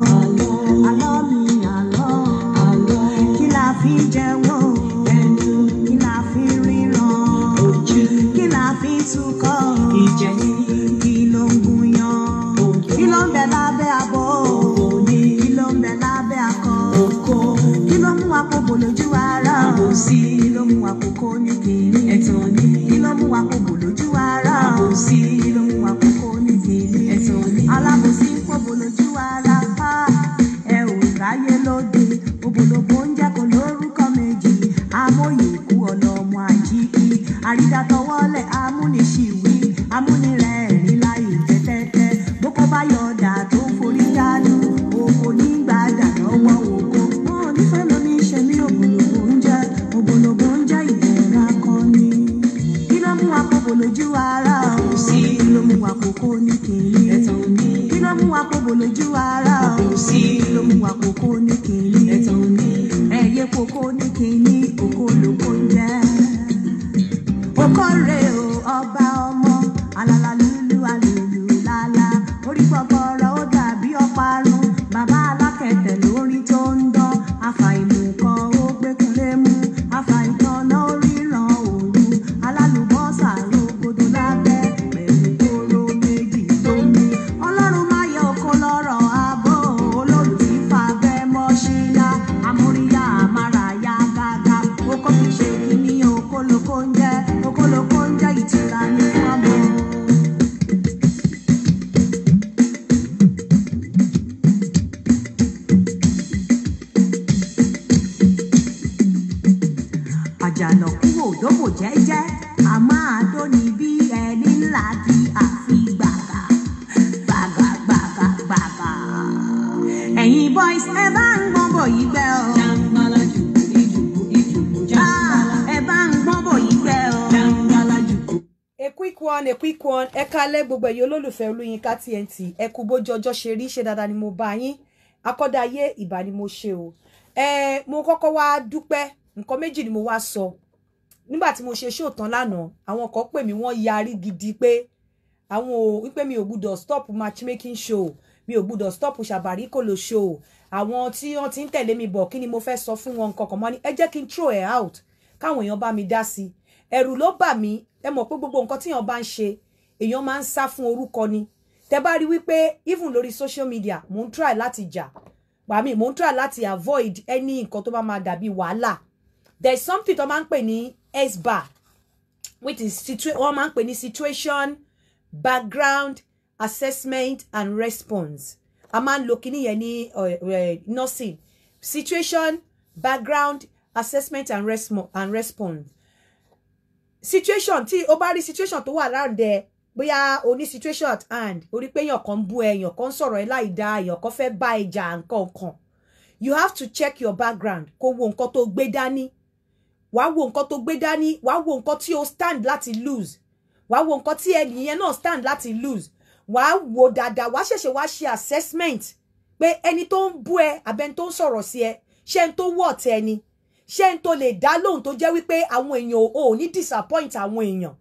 alone. gbogbo ẹ̀yin olólùfẹ́ Olúyinká TNT ẹ kú bójú ọjọ́ ṣe rí ṣe dáadáa ni mo bá yín akọ́dáyé ìbá ni mo ṣe o ẹ mo kọ́kọ́ wá dúpẹ́ nǹkan méjì ni mo wá sọ nígbà tí mo ṣe ṣó tán lánàá àwọn kan pè mí wọ́n yarí gidi pé àwọn ò wípé mi ò gbúdọ̀ stop matchmaking show mi ò gbúdọ̀ stop ṣàbàrí kò lò show àwọn tí wọ́n ti ń tẹ̀lé mi bọ̀ kí ni mo fẹ́ sọ fún wọn nǹkan kan ẹ jẹ́ kí n throw ẹ̀ out káwọn èèyàn bá mi dá sí ẹ̀rù ló bà mí ẹ mọ̀ pé gbogbo nǹkan tíyàn bá ń ṣe èèyàn máa ń sá fún orúkọ ni tẹ bá rí wípé even lórí social media mò ń try láti jà pàmì mò ń try láti avoid any nǹkan tó bá máa dàbí wàhálà there is something tó máa ń pè ní sbar which is wọ́n máa ń pè ní situation background assessment and response a máa ń lo kíní yẹn ní eh, eh, nursing situation background assessment and, resmo- and response situation tí o bá rí situation tó wà láǹdẹ bóyá o ní situation at hand o rí pé èèyàn kan bú ẹ èèyàn kan sọ̀rọ̀ ẹ láì dáa èèyàn kan fẹ́ bá ẹ nǹkan kan you have to check your background kó wo nǹkan tó gbé dání wàá wo nǹkan tó gbé dání wàá wo nǹkan tí o stand láti lose wàá wo nǹkan tí ẹnìyẹn náà stand láti lose wàá wo dáadáa wàá ṣẹ̀ṣẹ̀ wàá ṣe assessment pé ẹni tó ń bú ẹ abẹ́ni tó ń sọ̀rọ̀ sí ẹ ṣé ń tó wọ̀ tẹ́ni ṣé ń tó lè dá lóhùn tó jẹ́ wípé àwọn èèyàn ò ní disappoint àwọn èèyàn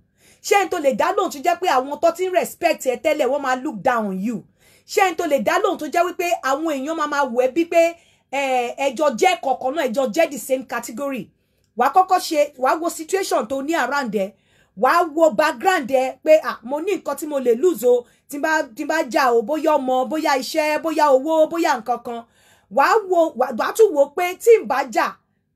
ṣé n tó lè dá lóhùn tó jẹ́ pé àwọn tó ti ń respect ẹ tẹ́lẹ̀ wọ́n máa look down on you ṣé n tó lè dá lóhùn tó jẹ́ wípé àwọn èèyàn máa máa wò ẹ́ bí pé ẹjọ jẹ́ kọ̀ọ̀kan náà ẹjọ jẹ́ the same category wàá kọ́kọ́ ṣe wàá wo situation tó ní around ẹ wàá wo background ẹ pé ah mo ní nǹkan tí mo lè lose o tí bá tí bá jà o bóyá ọmọ bóyá iṣẹ́ bóyá owó bóyá nǹkan kan wàá wo wàá tún wo pé tí n bá jà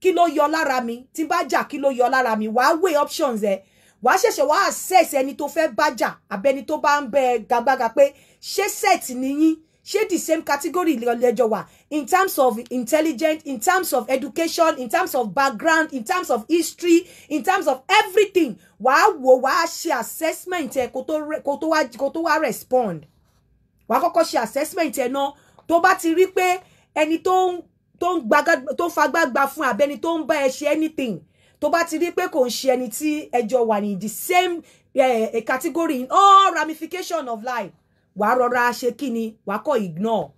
kí ló yọ lára mi tí n bá jà kí ló yọ lára mi wàá weigh options ẹ eh wà á ṣẹ̀ṣẹ̀ wá access ẹni tó fẹ́ bájà abẹni tó bá ń bẹ gagbága pé ṣé set nìyí ṣé the same category lẹ́jọ́ wà in terms of intelligent in terms of education in terms of background in terms of history in terms of everything wà á wò wà á ṣe assessment ẹ kó tó wá respond wà á kọ́kọ́ ṣe assessment ẹ náà tó bá ti rí pé ẹni tó ń fagbágbá fún abẹni tó ń bá ẹ ṣe anything tó bá ti rí pé kò ń ṣe ẹni tí ẹjọ́ wà the same a eh, eh, category in all ramification of life wàá rọra ṣe kí ni wàá ignore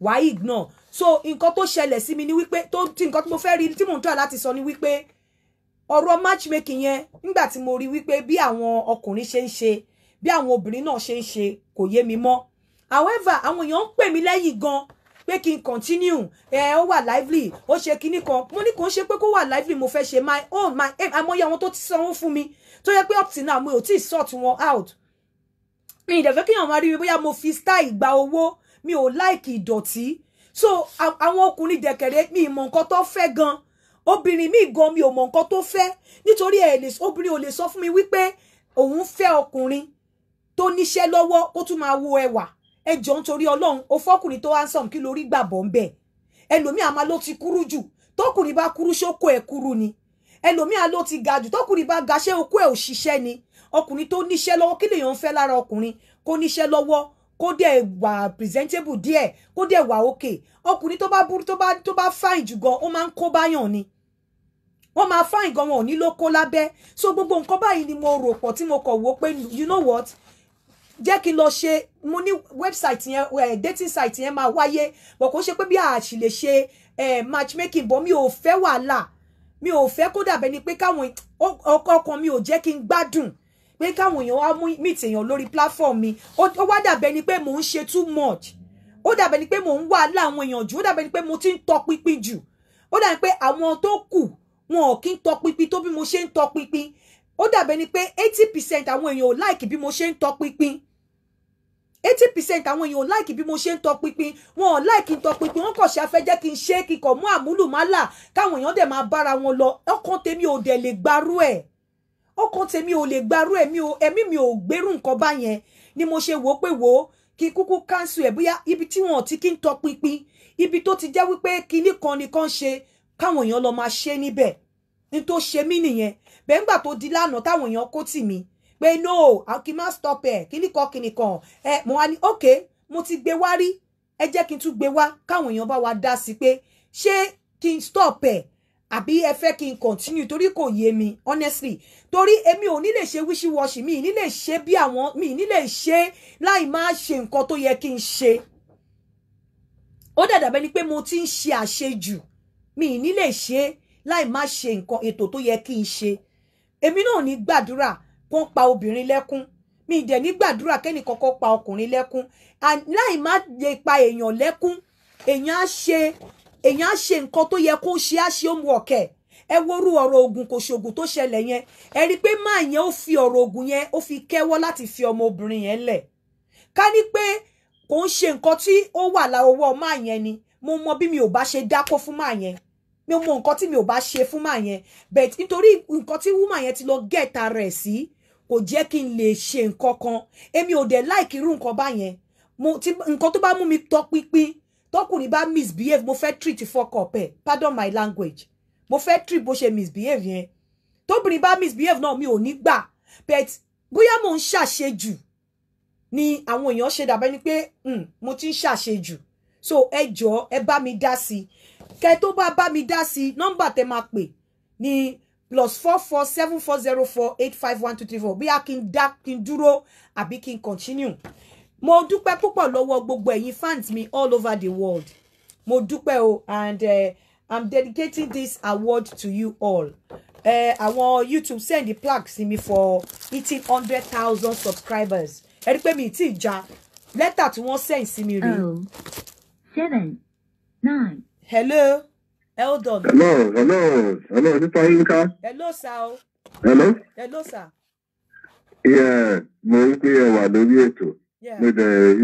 wàá ignore so nǹkan tó ṣẹlẹ̀ si mi ni wípé tó ti nǹkan tí mo fẹ́ rí tí mò ń tọ́ láti sọ ni wípé ọ̀rọ̀ matchmaking yẹn nígbà tí mo rí wípé bí àwọn ọkùnrin ṣe ń ṣe bí àwọn obìnrin náà ṣe ń ṣe mi mọ́ however àwọn èèyàn ń pè mí gan pé kí n continue ẹ ó wà lively ó ṣe kinní kan mo ní kò ń ṣe pé kó wà lively mo fẹ́ ṣe my own my aim àmọ́yé àwọn tó ti sanwó fún mi tó yẹ pé up till now mi ò tí ì sort wọn out mi ìdẹ̀fẹ́ kí àwọn aríwí bóyá mo fi style gba owó mi ò like ìdọ̀tí so àwọn ọkùnrin dẹ̀kẹ̀rẹ́ mi ìmọ̀ nǹkan tó fẹ́ gan obìnrin mi gan mi ò mọ̀ nǹkan tó fẹ́ nítorí ẹ̀ obìnrin ò lè sọ fún mi wípé òun fẹ́ ọkùnrin tó níṣẹ́ lọ́wọ́ kó tún máa wo ẹwà ẹ jọ ń torí ọlọ́run o fọ́kùnrin tó handsome kí lórí gbàbọ̀ ń bẹ̀ ẹlòmíì àmà ló ti kúrú jù tọkùnrin bá kúrú ṣókó ẹ kúrú ni ẹlòmíì àló ti ga jù tọkùnrin bá ga ṣé okó ẹ ò ṣiṣẹ́ ni ọkùnrin tó níṣẹ́ lọ́wọ́ kí lèèyàn ń fẹ́ lára ọkùnrin kó níṣẹ́ lọ́wọ́ kó dẹ̀ wà presentable díẹ̀ kó dẹ̀ wà okay ọkùnrin tó bá burú tó bá tó jù gan ó máa ń kó báyàn ni wọ́n máa fine gan wọn ò ní ló kó lábẹ́ so gbogbo nǹkan báyìí ni mo rò pọ̀ tí mo kọ̀ wò pé you know what jẹ́ kí n lọ ṣe mo ní website yẹn eh, dating site yẹn máa wáyé bọ̀ kò ṣe pé bí a sì lè ṣe eh, matchmaking bọ̀ mi ò fẹ́ wàhálà mi ò fẹ́ kó dàbẹ́ ni pé káwọn ọkọ ọkàn mi ò jẹ́ kí n gbádùn pé káwọn èèyàn wá mú meet èèyàn lórí platform mi ó wá dàbẹ́ ni pé mò ń ṣe too much ó dàbẹ́ ni pé mò ń wàhálà àwọn èèyàn jù ó dàbẹ́ ni pé mo ti ń tọpinpin jù ó dàbẹ́ ni pé àwọn tó kù wọn ò kí ń tọpinpin tó bí mo ṣe ń tọpinpin ó dàbẹ́ ni pé eighty percent àwọn èèyàn ò like bí mo ṣe ń tọpinpin eighty percent àwọn èèyàn láìkì bí mo ṣe ń tọpinpin wọn ò láìkì ń tọpinpin wọn kò ṣe afẹ́jẹ́ kí n ṣe kíkọ̀ mú àmúlùmálà káwọn èèyàn dẹ̀ máa bára wọn lọ ọkàn tèmi ò dẹ̀ lè gbarú ẹ̀ ọkàn tèmi ò lè gbarú ẹ̀mí ẹ̀mí mi ò gbérù nǹkan báyẹn ni mo ṣe wò ó pé wò ó kí kúkú káńsù ẹ̀ bóyá ibi tí wọn ò ti kí ń tọpinpin ibi tó ti jẹ́ wípé kinní kan nìkan ṣe káwọn èèyàn lọ máa ṣe níbẹ̀ ní tó ṣe mí nìyẹn bẹ́ẹ̀ ńgbà tó di lánàá táwọn èèyàn kó tì mí pé no kí n má stop ẹ̀ kíní kan kíní kan ẹ mo wá ní ok mo ti gbé wá rí ẹ jẹ́ kí n tún gbé wá káwọn èèyàn bá wa dá sí pé ṣé kí n stop ẹ̀ àbí ẹ fẹ́ kí n continue torí kò yé mi honestly torí èmi ò ní lè ṣe wíṣíwọ́ṣì mi ní lè ṣe bí àwọn mi ní lè ṣe láì máa ṣe nǹkan tó yẹ kí n ṣe ó dàdà bẹ́ni pé mo ti ń ṣe àṣejù mi ní lè ṣe láì máa ṣe nǹkan ètò tó yẹ kí n ṣe èmi náà ní gbàdúrà kó ń pa obìnrin lẹ́kún mi ì dẹ̀ ní gbàdúrà kẹ́nì kọ́kọ́ pa ọkùnrin lẹ́kún láì má lè pa èèyàn lẹ́kún èèyàn á ṣe èèyàn á ṣe nǹkan tó yẹ kó ṣe á ṣe ó mu ọ̀kẹ́ ẹ worú ọ̀rọ̀ ogun kò ṣoògùn tó ṣẹlẹ̀ yẹn ẹ rí i pé máa yẹn ó fi ọ̀rọ̀ ogun yẹn ó fi kẹ́wọ́ láti fi ọmọbìnrin yẹn lẹ̀ ká ní pé kò ń ṣe nǹkan tí ó wà láwọ́wọ́ máa yẹn ni mo mọ bí mi ò bá ṣe dákó fún máa yẹn mi mọ nǹkan tí mi ò bá ṣe fún máa yẹn but nítorí nǹkan tí wúmà yẹn ti lọ gẹ̀ẹ́ta rẹ̀ sí si, kò jẹ́ kí n lè ṣe nǹkan kan èmi ò dẹ̀ láìkí irú nǹkan báyẹn mo ti nǹkan tó bá mú mi tọpinpin tọkùnrin bá misbehave mo fẹ́ treat fuck up ẹ̀ pardon my language mo fẹ́ treat bó ṣe misbehave yẹn tóbìnrin bá misbehave náà mi ò ní gbà but bóyá mo ń ṣàṣejù ni àwọn èèyàn ṣe dàbẹ́ ni pé hmm, mo ti ń ṣàṣejù so ẹ jọ̀ọ́ ẹ bá mi dá sí i kẹ́ tó bá bá mi dá sí i nọ́mbà máa pè ní plus four four seven four zero four eight five one two three four bóyá kí n dá kí n dúró àbí kí n continue mo dúpẹ́ púpọ̀ lọ́wọ́ gbogbo ẹ̀yin fans mi all over the world mo dúpẹ́ o and uh, i'm dedicating this award to you all eh, àwọn uh, youtube send the plaque sí mi for eighteen hundred thousand subscribers ẹ rí pé mi ti ja lẹ́tà tí wọ́n send sí mi rí. oh seven nine. hello. Eldon. Hello, hello, hello, is this Yinka? Hello, sir. Hello. Hello, sir. Yeah, mo ń pè ẹ wà lórí ètò. Mo dẹ̀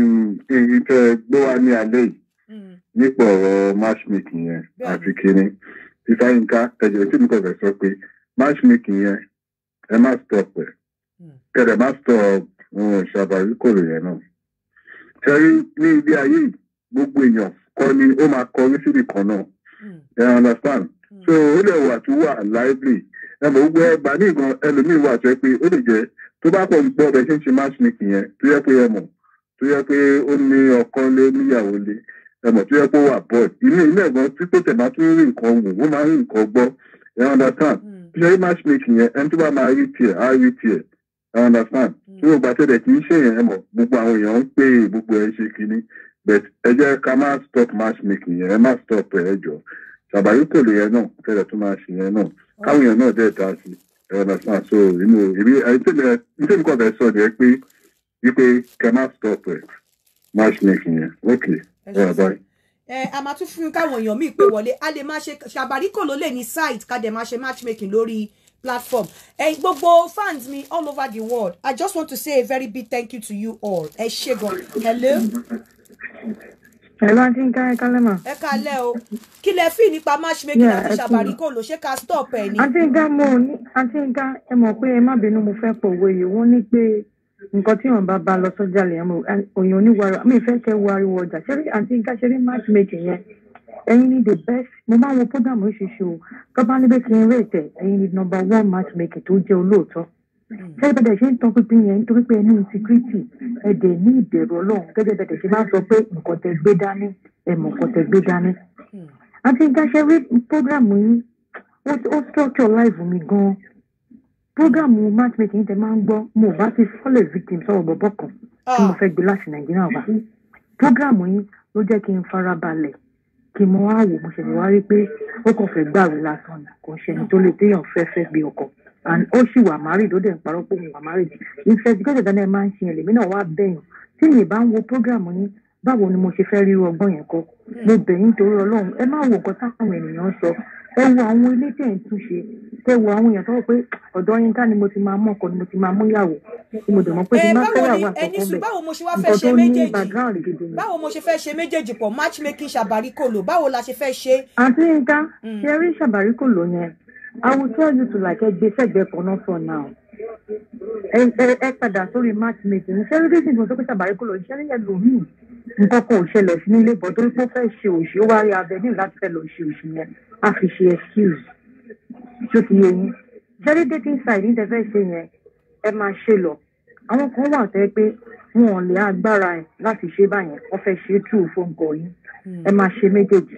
ìtẹ̀ gbé wa ní alẹ́ yìí mm. nípa ọ̀rọ̀ matchmaking yẹn àti kínní. Ifáyínká ẹ̀jẹ̀ tí mi kò fẹ́ sọ pé matchmaking yẹn ẹ má stop ẹ̀. Kẹ̀dẹ̀ mm. má stop ṣàbàrí kòrò yẹn náà. Ṣé ní ilé ayé gbogbo èèyàn kọ́ ni ó máa kọrí síbì kan náà you hmm. understand hmm. so ó lè wà tó wà lively ẹ mọ̀ gbogbo ẹgbà ní ìgbọ̀n ẹlòmíì wà tó yẹ pé ó lè jẹ́ tó bá pọ̀ gbọ́ ọbẹ̀ ṣe ń ṣe matchmaking yẹn tó yẹ pé ẹ mọ̀ tó yẹ pé ó ní ọkọ lé níyàwó lé ẹ mọ̀ tó yẹ pé ó wà bọ́ọ̀d inú ilé ẹ̀gbọ́n tí tó tẹ̀ bá tún rí nǹkan wò ó máa ń rí nǹkan gbọ́ ẹ understand hmm. bí ṣe rí matchmaking yẹn ẹni tó bá máa rí tiẹ̀ á rí tiẹ̀ ẹ understand tó yóò gbà tẹ̀lẹ̀ kì í ṣe yẹn ẹ mọ̀ gbogbo àwọn èèyàn ń pè é gbogbo ẹ̀ ṣe kínní but ẹ jẹ́ ká má stop matchmaking yẹn ẹ má stop ẹ jọ ṣàbàyíkòlè yẹn náà fẹ́rẹ̀ tó máa ṣe yẹn náà káwọn yẹn náà dẹ̀ dá sí ẹ understand so inú ibi ìtẹ́mi kọ́ bẹ̀ sọ ni ẹ pé wípé ká má stop ẹ matchmaking yẹn ok ẹ ẹ báyìí. ẹ a máa tún fún káwọn èèyàn míì pé wọlé a lè máa ṣe ṣàbàríkòló lè ní site ká dẹ̀ máa ṣe matchmaking lórí platform. Hey, gbogbo fans me all over the world. I just want to say a very big thank you to you all. Ẹ ṣé gan. Hello ẹ̀rọ ajé ń káyé kálẹ̀ mà. ẹ kalẹ̀ o kí lẹ fi nípa matchmaking àti ṣàbàríkò lò ṣé ká stop ẹ ni. àti nga mo ní àti nga ẹ mọ̀ pé ẹ má bínú mo fẹ́ pòwe yìí wọ́n ní pé nǹkan tí wọn bá ba lọ sọ́jà lè mọ òyìn oníwàrà mi fẹ́ kẹ́ wo ariwo ọjà ṣé àti nga ṣe rí matchmaking yẹn ẹ̀yin ni the best mo máa ń wo program oríṣiríṣi o tó bá níbi kí n rèé tẹ ẹ̀yin ni number one matchmaking tó jẹ́ olóòótọ́ ṣé mm. a ṣe ń tọpinpin yẹn nítorí pé ẹni insecurity ẹ̀dẹ̀ ní ìbẹ̀rù ọlọ́run gẹ́gẹ́ bẹ́ẹ̀ ṣe máa ń sọ pé nǹkan tẹ gbé dání ẹ̀mọ̀ nǹkan tẹ gbé dání. àti mm. ìdáṣẹ́ rí programu yín ó structure life mi gan-an programu matchmaking tẹ máa ń gbọ́ mo bá ti fọ́lẹ̀ victim sọ̀rọ̀ bọ̀bọ̀ kan ah. tí mo fẹ́ gbé láti nàìjíríà wá programu yín ló jẹ́ kí n farabalẹ̀ kí n mọ àwò mo ṣẹ̀lẹ̀ wá rí pé ó kàn fẹ́ gbàwé lásán kò ń ṣe and ó sì wà married ó dẹ̀ ń parọ́ pé òun wà married investigation dáná ẹ máa ń ṣe ẹlẹ́mí náà wá bẹ̀yìn tí mi bá ń wo program yín báwo ni mo ṣe fẹ́ ríru ọgbọ́n yẹn kọ́ mo bẹ̀yìn torí ọlọ́run ẹ má wo nǹkan táwọn ènìyàn ń sọ ẹ wo àwọn ilé tẹ̀ ń túnṣe ẹ wo àwọn èèyàn tó wọ pé ọ̀dọ́ yín ká ni mo ti máa mú ni mo ti máa mú ìyàwó tí mo dẹ̀ mọ́ pé ti máa eh, fẹ́ yàwó àkọ́kọ́ bẹ̀ nǹkan tó ní background gidi ni. báwo mo ṣe fẹ́ ṣe méjèèjì pọ̀ matchmaking ṣàbáríkòlò báwo la ṣe fẹ́ ṣe. àti nǹkan hmm. ṣe I will tell you to like ẹgbẹ́ sẹ́gbẹ́ kan náà for now. Ẹ ẹ ẹ padà sórí match meeting. Ṣé ló dé sí ìgbọ̀nsọ́ pé ṣàbárí kò lọ? Ṣé ní ẹlòmíì? Nǹkan kan ò ṣẹlẹ̀ sí nílé bọ̀ torí pé ó fẹ́ ṣe òṣì. Ó wá rí avenue láti fẹ́ lọ ṣe òṣì yẹn. A fi ṣe excuse. Ṣé ti yẹ yín? Ṣé ló dé inside ní tẹ́fẹ́ ṣe yẹn? Ẹ máa ṣe lọ. Àwọn kan wà tẹ́ pé wọn ò lè agbára ẹ̀ láti ṣe báyẹn. Wọ́n fẹ́ ṣe é tù fóńkọ yín. Ẹ máa ṣe méjèèjì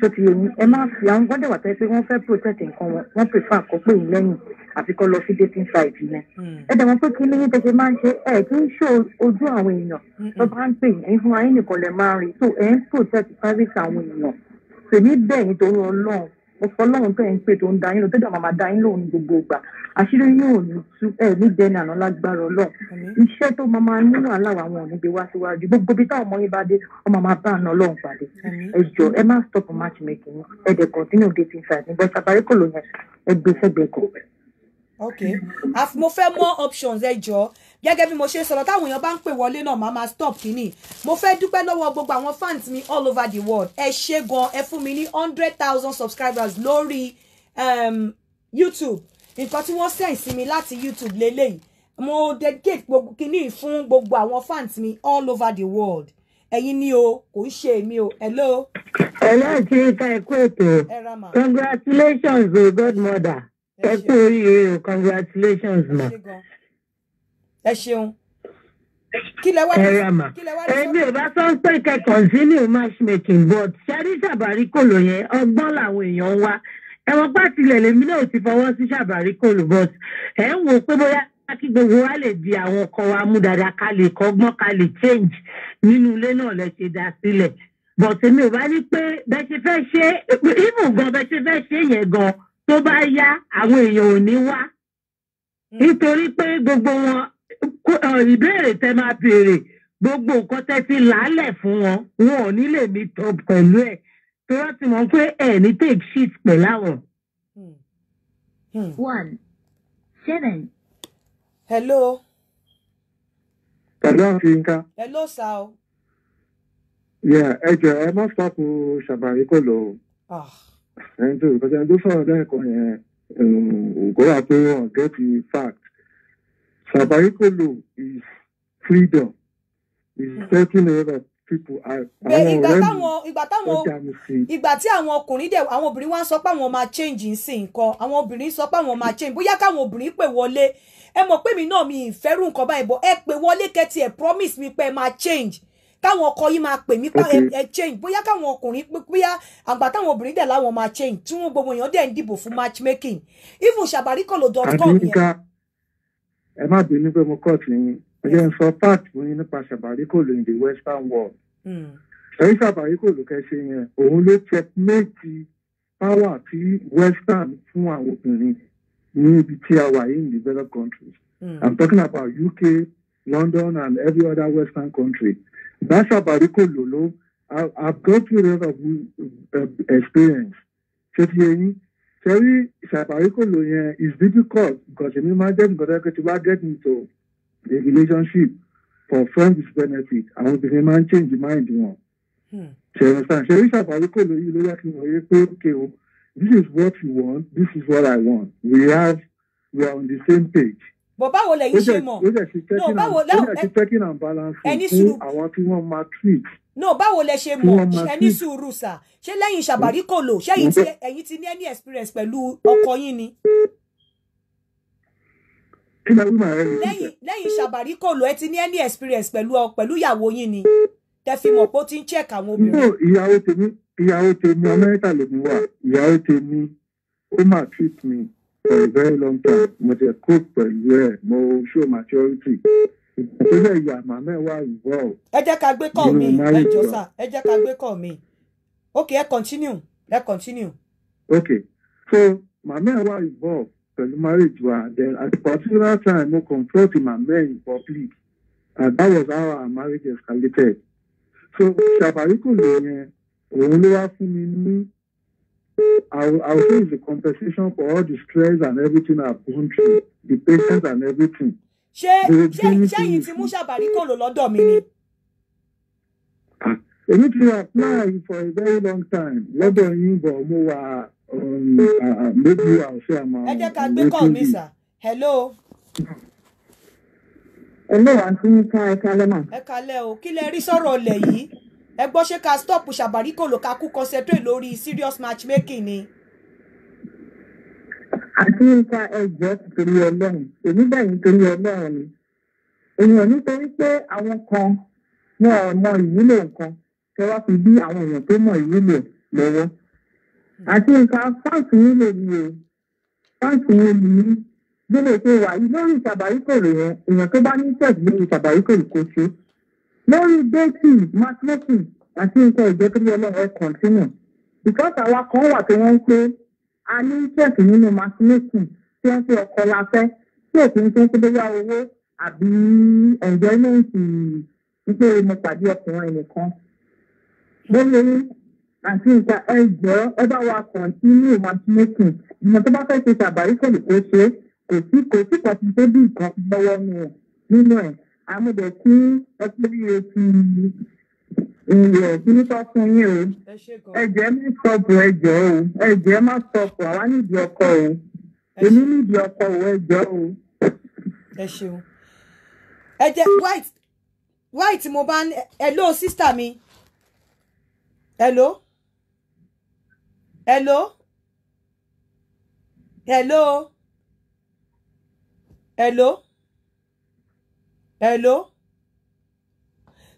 tó ti yẹn ẹ má fi àwọn gbọ́dọ̀ wà pẹ́ pé wọ́n fẹ́ protect nǹkan wọn wọ́n prefer àkọ́pẹ́ yìí lẹ́yìn àfi kọ́ lọ sí dating site yẹn hmm. ẹ dẹ̀ wọ́n pé kí lẹ́yìn tẹ̀sẹ̀ máa ń ṣe ẹ̀ kí ń ṣó ojú àwọn èèyàn tó bá ń pè yín fún ayé nìkan lẹ̀ máa rìn so ẹ̀ ń protect private àwọn èèyàn tèmi bẹ́ẹ̀ nítorí ọlọ́run ẹ fọ lọ́run tẹ̀ ń pè tó ń da yín lò tẹ́jà màmá da yín ní gbogbo ìgbà àṣírí yóò ní tú ẹ ní dẹ́ni àná lágbára ọlọ́run iṣẹ́ tó máa máa ní wàhálà àwọn òní gbé wá síwájú gbogbo ibi táwọn ọmọ yín bá dé ọmọ máa bá àná ọlọ́run pàdé ẹ ẹ má stop match making ẹ dẹ̀ continue dating site nígbà ṣàbáríkòlò yẹn ẹ gbé sẹ́gbẹ̀ẹ́ kan. ok mo fẹ́ mọ̀ options ẹ jọ gẹ́gẹ́ bí mo ṣe sọ̀rọ̀ táwọn èèyàn bá ń pè wọlé náà màá máa stop kínní mo fẹ́ dúpẹ́ lọ́wọ́ gbogbo àwọn fans mi all over the world ẹ ṣe gan ẹ fún mi ní hundred thousand subscribers lórí um, YouTube nǹkan tí wọ́n send sí mi láti YouTube lélẹ́yìí mo dedicate gbogbo kínní fún gbogbo àwọn fans mi all over the world ẹ̀yin ni o kò ń ṣe èmi o hello. hello tí ká ẹ kú ètò congratulations o godmother ẹ kú oríire o congratulations ma ẹ ṣeun kí lẹ wá kí lẹ wá lọ. èmi ò bá sọ pé kẹ continue matchmaking but ṣẹ́rí ṣàbáríkòlò yẹn ọgbọ́n làwọn èèyàn ń wá ẹ̀wọ̀n pàtìlẹ̀ lèmi náà ti fọwọ́ sí ṣàbáríkòlò but ẹ̀ ń wò pé bóyá kí gbogbo wa lè di àwọn ọkọ wa mú dáadáa ká lè kọ́gbọ́n ká lè change nínú ilé náà lẹ ṣe dá sílẹ̀ but èmi ò bá ní pé bẹ ṣe fẹ́ ṣe even gan bẹ ṣe fẹ́ ṣe yẹn gan tó bá yá àwọn èèyàn ò ní wá hmm. nítorí pé gbogbo wọn ìbéèrè tẹ máa béèrè gbogbo nǹkan tẹ ti làálẹ̀ fún wọn wọn ò ní lè mi tọ pẹ̀lú ẹ̀ tó wọ́n ti mọ̀ pé ẹ̀ ní take shit pẹ̀láwọ̀. Hmm. Hmm. one seven. hello. pẹ̀lú àfi hello sá o. ẹ jẹ ẹ má sọ́ọ̀pù ṣàbàrí kò lò ó. Ah. ẹni tó ìkọjá ẹni tó sọ̀rọ̀ lẹ́ẹ̀kan yẹn um, kó wà pé wọ́n gẹ́tì fact. Sabai Kolo is freedom. Is helping hmm. other people. Ìgbà táwọn ìgbà táwọn ìgbà tí àwọn ọkùnrin dẹ̀ àwọn obìnrin wá ń sọ pé àwọn máa change ń sìn nǹkan àwọn obìnrin sọ pé àwọn máa change bóyá káwọn obìnrin pè wọlé ẹ mọ̀ pé mi náà mi ìfẹ́rù nǹkan báyìí bọ̀ ẹ pè wọlé kẹ́tì ẹ̀ promise mi pé ẹ máa change káwọn ọkọ yìí máa pè mí pa ẹ change bóyá káwọn ọkùnrin bóyá àgbà táwọn obìnrin dẹ̀ láwọn máa change tí wọ́n gbogbo èèyàn dẹ̀ ń dìbò fún matchmaking even sabarikolo dot com yẹn ẹ má bínú pé mo kọ́ọ̀tù yín ẹ jẹ́ n sọ páàtì fún yín nípa ṣàbàríkòlò in the western world. Hmm. ẹ̀rí ṣàbàríkòlò kẹ́sẹ̀ yẹn òun ló checkmate power tí western fún àwọn obìnrin ní ibi tí a wà yìí in developed countries. Mm. I'm talking about UK, London and every other western country. Bá ṣàbàríkòlò ló I've got through a lot of uh, experience. ṣé ti yẹ yín? sẹ́rí ìṣàparíkòlò yẹn is difficult because èmi máa jẹ́ nǹkan tó yẹ kó ti wá get into a relationship for friends with benefit àwọn obìnrin máa ń change mind wọn. Hmm. ṣẹ̀rọ sàn ṣẹ̀rí ìṣàparíkòlò yìí ló yẹ kí n wòye pé okay o oh, this is what you want this is what I want we have we are on the same page bọ̀ báwo lẹ̀yin ṣe mọ̀ no báwo ẹni sùúrù àwọn tí wọ́n máa treat no báwo lẹ ṣe mọ̀ ẹni sùúrù sà ṣé lẹ́yìn ṣàbárí kò lò ṣé ẹ̀yin ti ní any experience pẹ̀lú ọkọ yín ni. lẹ́yìn lẹ́yìn ṣàbárí kò lò ẹ ti ní any experience pẹ̀lú pẹ̀lú ìyàwó yín ni tẹ fi mọ̀ pé ó ti ń check àwọn obìnrin. ìyàwó tèmi ìyàwó tèmi amẹ́ríkà lèmi wà ìyàwó tèmi ó máa treat me for a very long time mo ti cope pẹ̀lú ẹ̀ mo show maturity ìpínlẹ̀ ìyá màmá ẹ̀ wà involved. ẹ jẹ́ ká gbé kọ́ mi ẹ jọ sá ẹ jẹ́ ká gbé kọ́ mi okay ẹ continue ẹ continue. okay so màmá ẹ̀ wà involved pẹ̀lú marriage wa then at a particular time mo confront màmá ẹ̀ in public and that was how our marriage escalated so ṣàbàrí kò lè yẹn òun ló wá fún mi ní. I'll, I'll face the compensation for all the stress and everything I've gone through, the patients and everything. Ṣé ṣé ṣé yìí ti mú ṣàbàrí kò lò lọ́dọ̀ mi ni? Ah, èmi ti apply for a very long time lọ́dọ̀ yín bọ̀ mo wà méjì àwòṣe àmọ́. Ẹ jẹ́ ká gbé kọ́ mi sà. Hello. Hello, àǹtí mi ká ẹ̀ka lẹ́mà. Ẹ̀ka lẹ́ o, kí lẹ rí sọ̀rọ̀ ọ̀lẹ̀ yìí? ẹ gbọ́ ká stop ṣàbáríkòlò ká kú concentrate lórí serious matchmaking ni. àti nípa ẹjọ́ torí ọlọ́run èmi bẹ̀yìn torí ọlọ́run ni èèyàn nítorí pé àwọn kan wọn ò mọ ìwúlò nǹkan kẹ wá fi bí àwọn èèyàn tó mọ ìwúlò lọ́wọ́ hmm. àti nípa fáǹtì nílò mi o fáǹtì nílò mi gbọ́dọ̀ tó wà yìí lórí ìṣàbáríkòlò yẹn èèyàn tó bá ní tẹ̀sí lórí ìṣàbáríkòlò kò ṣe é lórí dating matchmaking àti nǹkan ìjọ tó yẹ lọ́wọ́ continue because àwa kan wà tí wọ́n ń pé a ní interest nínú matchmaking tí wọ́n fi ọkọ la fẹ́ tí òkú ń tún kébé yá owó àbí enjoyment wípé mo pàdé ọkùnrin nìkan lórí àti nǹkan ẹ jọ ẹ bá wa continue matchmaking ìmọ̀ tó bá fẹ́ ṣe tàbárí kò lè kó ṣe kò sí kò sí kò sí débi nǹkan lọ́wọ́ nínú ẹ̀ àmúdẹ̀ fún ọkùnrin rẹ̀ ti ìyẹ̀ kíní tó fún yín o ẹ̀jẹ̀ má sọ̀pù ẹ̀jọ̀ o ẹ̀jẹ̀ má sọ̀pù àwa nídìí ọkọ o èmi nídìí ọkọ o ẹ̀jọ̀ o. ẹ ṣeun ẹ jẹ white white mo bá hello sister mi hello hello hello hello hello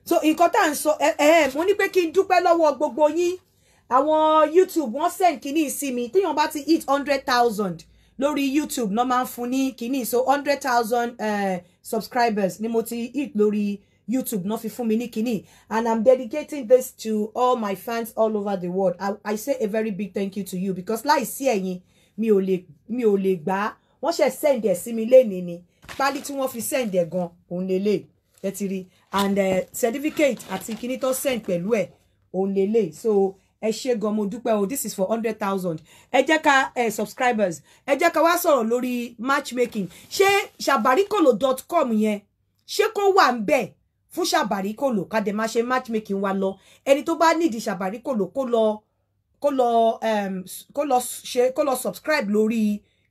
so nǹkan tá à ń sọ ẹ ẹ mo ní pé kí n dúpẹ́ lọ́wọ́ gbogbo yín àwọn youtube wọ́n send kínní sí mi téèyàn bá ti hit hundred thousand lórí youtube náà máa ń fún ní kínní so hundred thousand uh, subscribers ni mo ti hit lórí youtube náà fi fún mi ní kínní and i'm dedicating this to all my fans all over the world i, I say a very big thank you to you because láìsí ẹ̀yin mi ò lè mi ò lè gbà á ṣe send ẹ̀ sí mi lénìí ni pálí tí wọ́n fi send ẹ̀ gan òun lélẹ̀ ẹ ti rí and uh, certificate àti kíní tó send pẹ̀lú ẹ̀ òun lélẹ̀ so ẹ ṣé gan mo dúpẹ́ o this is for hundred thousand ẹ jẹ́ ká ẹ eh, subscribers ẹ jẹ́ ká wá sọ̀rọ̀ lórí matchmaking ṣé ṣàbàríkòlò dot com yẹn ṣé kó wà ń bẹ̀ fún ṣàbàríkòlò ká dẹ̀ máa ṣe matchmaking wa lọ ẹni tó bá nídìí ṣàbàríkòlò kó lọ um, kó lọ ṣe kó lọ subscribe lórí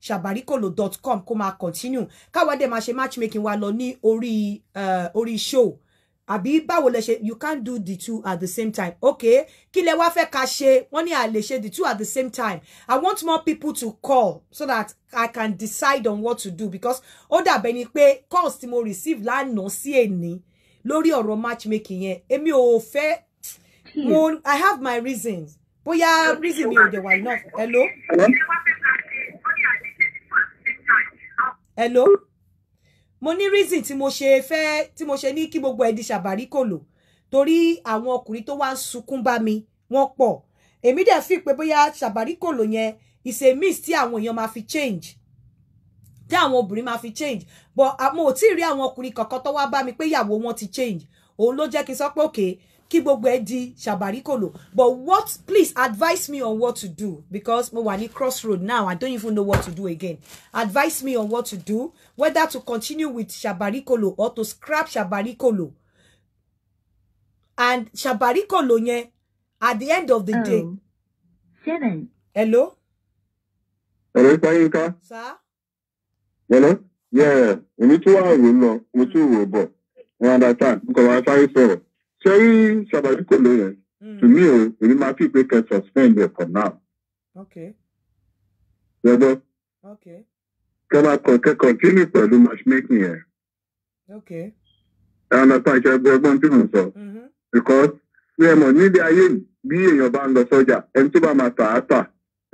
shabarikolo.com kó máa continue káwa dẹ̀ máa ṣe matchmaking wa lọ ní orí eh, orí show àbí báwo lẹ ṣe you can't do the two at the same time okay kí lẹ wá fẹ́ ká ṣe wọ́n ní à ṣe the two at the same time i want more people to call so that i can decide on what to do because ó dàbẹ̀ ni pé calls tí mo receive lánàá sí èní lórí ọ̀rọ̀ matchmaking yẹn èmi ò fẹ́ mo i have my reasons bóyá reason mi ò dẹ̀ wà enough hello? hello mo ní reason tí mo ṣe fẹ́ tí mo ṣe ní kí gbogbo ẹ di ṣàbàríkòlò torí àwọn ọkùnrin tó wá ń sunkún bá mi wọ́n pọ̀ èmi dẹ̀ fi pé bóyá ṣàbàríkòlò yẹn is a miss tí àwọn èèyàn máa fi change tí àwọn obìnrin máa fi change but mo ò tí ì rí àwọn ọkùnrin kankan tó wá bá mi pé ìyàwó wọn ti change òun ló jẹ́ kí n sọ okay, kí gbogbo ẹ di ṣàbàríkòlò but what please advise me on what to do because mo wà ní crossroad now I don't even know what to do again advise me on what to do whether to continue with ṣàbàríkòlò or to scrap ṣàbàríkòlò and ṣàbàríkòlò yẹn at the end of the oh, day. Um, Seven. Hello. Hello, Sayinka. Sir. Hello. Yeah, èmi tún wá òwò lọ, mo tún wò bọ̀, I understand, nǹkan wàá sáré sọ̀rọ̀ ṣe ṣàbàbí kò ló yẹn to me o èmi máa fi pé kẹ suspend ẹ for now. yọgbọ́ kẹ máa kọ kẹ continue pẹ̀lú matchmaking yẹn. ẹ ọ̀nà pa ìṣe ẹgbọ́n tí mo sọ mm-hmm. because ṣé ẹ mọ̀ níbi ayé bí èèyàn bá ń lọ sọ́jà ẹni tó bá máa tà á tà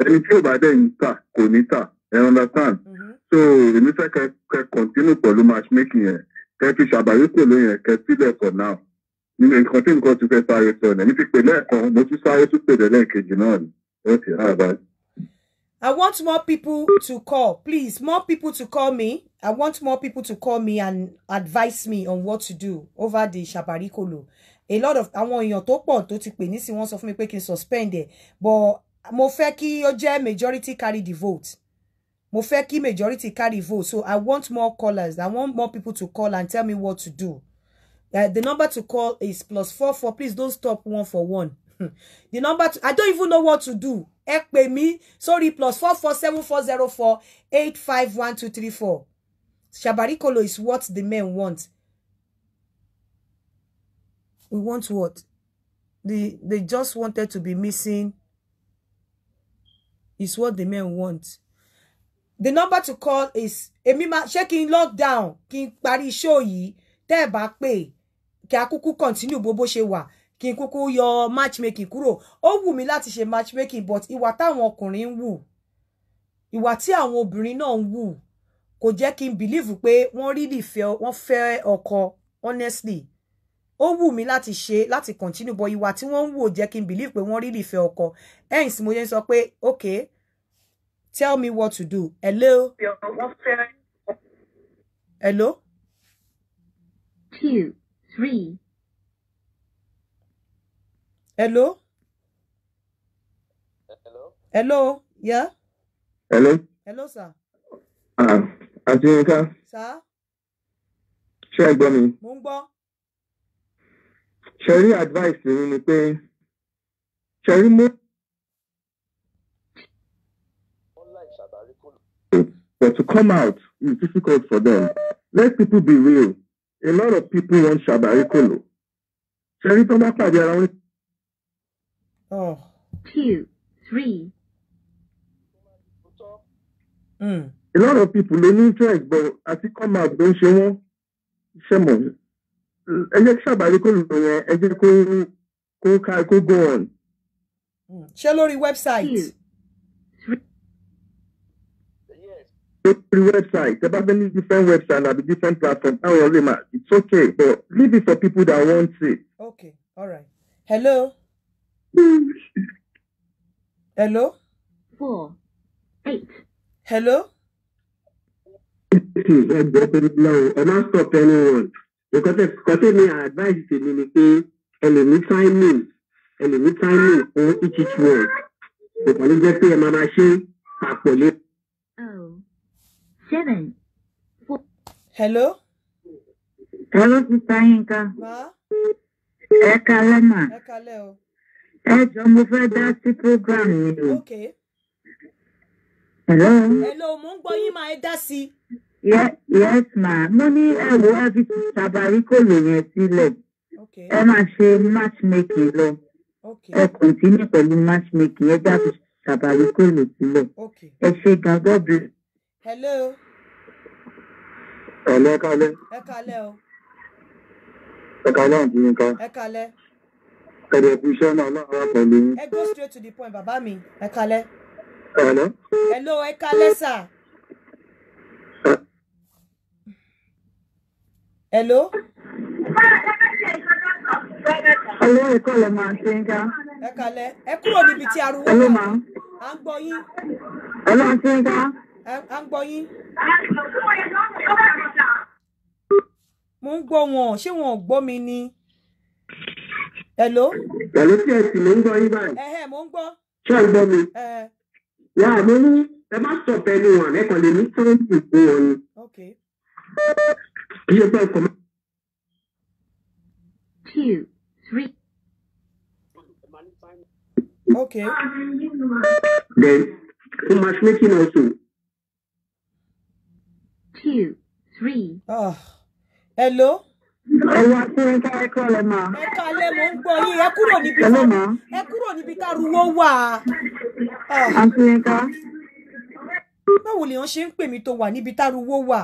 ẹni tí ò bá dẹ̀ ń tà kò ní tà ẹ understand. Mm-hmm. so èmi fẹ́ kẹ continue pẹ̀lú matchmaking yẹn kẹ fi ṣàbàbí kò yẹn kẹ sílẹ̀ for now nǹkan tí nǹkan ti fẹ́ sáré sọ ní ti lẹ́ẹ̀kan mo tún sáré tún pè lẹ́ẹ̀kejì náà ni ó ti rà bá. I want more people to call. Please, more people to call me. I want more people to call me and advise me on what to do over the Shabari Kolo. A lot of àwọn èèyàn tó pọ̀ tó ti pè ní sí wọ́n sọ fún mi pé kí n suspend ẹ̀ but mo fẹ́ kí ó jẹ́ majority carry the vote. Mo fẹ́ kí majority carry vote so I want more callers. I want more people to call and tell me what to do. Uh, the number to call is plus four four. Please don't stop one for one. the number to, I don't even know what to do. Ẹ pè mí sorry plus four four seven four zero four eight five one two three four. Shabarikolo is what the men want. We want what? The they just wanted to be missing. Is what the men want. The number to call is Emima. Checking lockdown. kí Barry show ye. tẹ́ back bá kí a kúkú continue bó bó ṣe wà kí n kúkú yọ matchmaking kúrò ó wù mí láti ṣe matchmaking but ìwà táwọn ọkùnrin ń wù ìwà tí àwọn obìnrin náà ń wù kò jẹ́ kí n believe pé wọ́n really fẹ́ wọ́n fẹ́ ọkọ honestly ó wù mí láti ṣe láti continue but ìwà tí wọ́n ń wò jẹ́ kí n believe pé wọ́n really fẹ́ ọkọ hence mo yẹn sọ pé okay tell me what to do hello. hello. two three. Hello? Hello? Hello? Yeah? Hello? Hello, sir. Ah, Àti Yinka. Sir? Ṣé ẹ gbọ́ mi? Mo ń gbọ́. Ṣé rí advice mi ni pé ṣé rí mo. But to come out is difficult for them. Let people be real a lot of people want shabari Kolo. Ṣẹ́rí tó bá pàdé ara wọn. Oh. Two, three. Mm. A lot of people ló ní interest but àti come out don't show one. wọ́n ṣe mọ̀. Ẹ jẹ́ kí kolo Kolo yẹn ẹ jẹ́ kó kó ká kó go on. Hmm. Ṣé lórí website? Two. lórí website ẹ bá fẹ́ different website àbí different platform I will lè it's okay but leave it for people that want it. okay all right hello. hello. four eight. hello. ẹ gbọ́ pé lọ́wọ́ ẹ má stop anyone nǹkan tẹ nǹkan I advise advice tèmi ni pé ẹ lè ní timing ẹ lè timing fún each each one The kàn ní jẹ́ pé ẹ máa máa seven. Hello. Hello, Sister Yinka. Ma. Ẹ kalẹ́ mà. Ẹ kalẹ́ o. Ẹ jọ mo fẹ́ dá sí program mi o. Okay. Hello. Hello, mo ń gbọ́ yín máa ẹ dá sí. Yes, ma. Mo ní ẹ̀wò ẹbí tabaríkò lòyìn sílẹ̀. Ẹ máa ṣe matchmaking lọ. Ẹ kọ̀ntínú pẹ̀lú matchmaking ẹ jáde tabaríkò lò sílẹ̀. Ẹ ṣe gan God bless hello. ẹ̀lẹ́ kalẹ́. ẹ kalẹ́ o. ẹ kalẹ́ àǹtí Yinka. ẹ kalẹ́. ẹ dẹ̀ kú iṣẹ́ náà ọlọ́run wà pẹ̀lú yín. ẹ go straight to the point bàbá mi ẹ kalẹ́. ẹ̀lẹ́. hello ẹ kalẹ́ sà. hello. hello ẹ kọ́ lẹ́ máa ṣe ń ká. ẹ kalẹ́ ẹ kúrò níbi tí ariwo wà. hello ma. à ń gbọ́ yín. hello àǹtí Yinka à ń gbọ́ yín. mo ń gbọ́ wọn ṣé wọn ò gbọ́ mi ni. hello. hello tí ẹ sì mo ń gbọ́ yín báyìí. ẹ̀hẹ̀ mo ń gbọ́. ṣé ẹ gbọ́ mi. wà á mo ní ẹ má sọ pẹ̀lú wọn ẹ̀kọ́ lè ní fóònù fún wọn ni. bá ọkọ̀ máa. two three. Okay. Then, so matchmaking also two, three. Oh. Hello. Ẹ̀wọ̀ akúrin káyé kọ́ lẹ máa. Ẹ kalẹ̀ mo ń gbọ́ yín, ẹ kúrò níbi ká ẹ wà. Akúrin ah. Báwo lèèyàn ṣe ń pè mí tó wà níbi tá ruwó wà?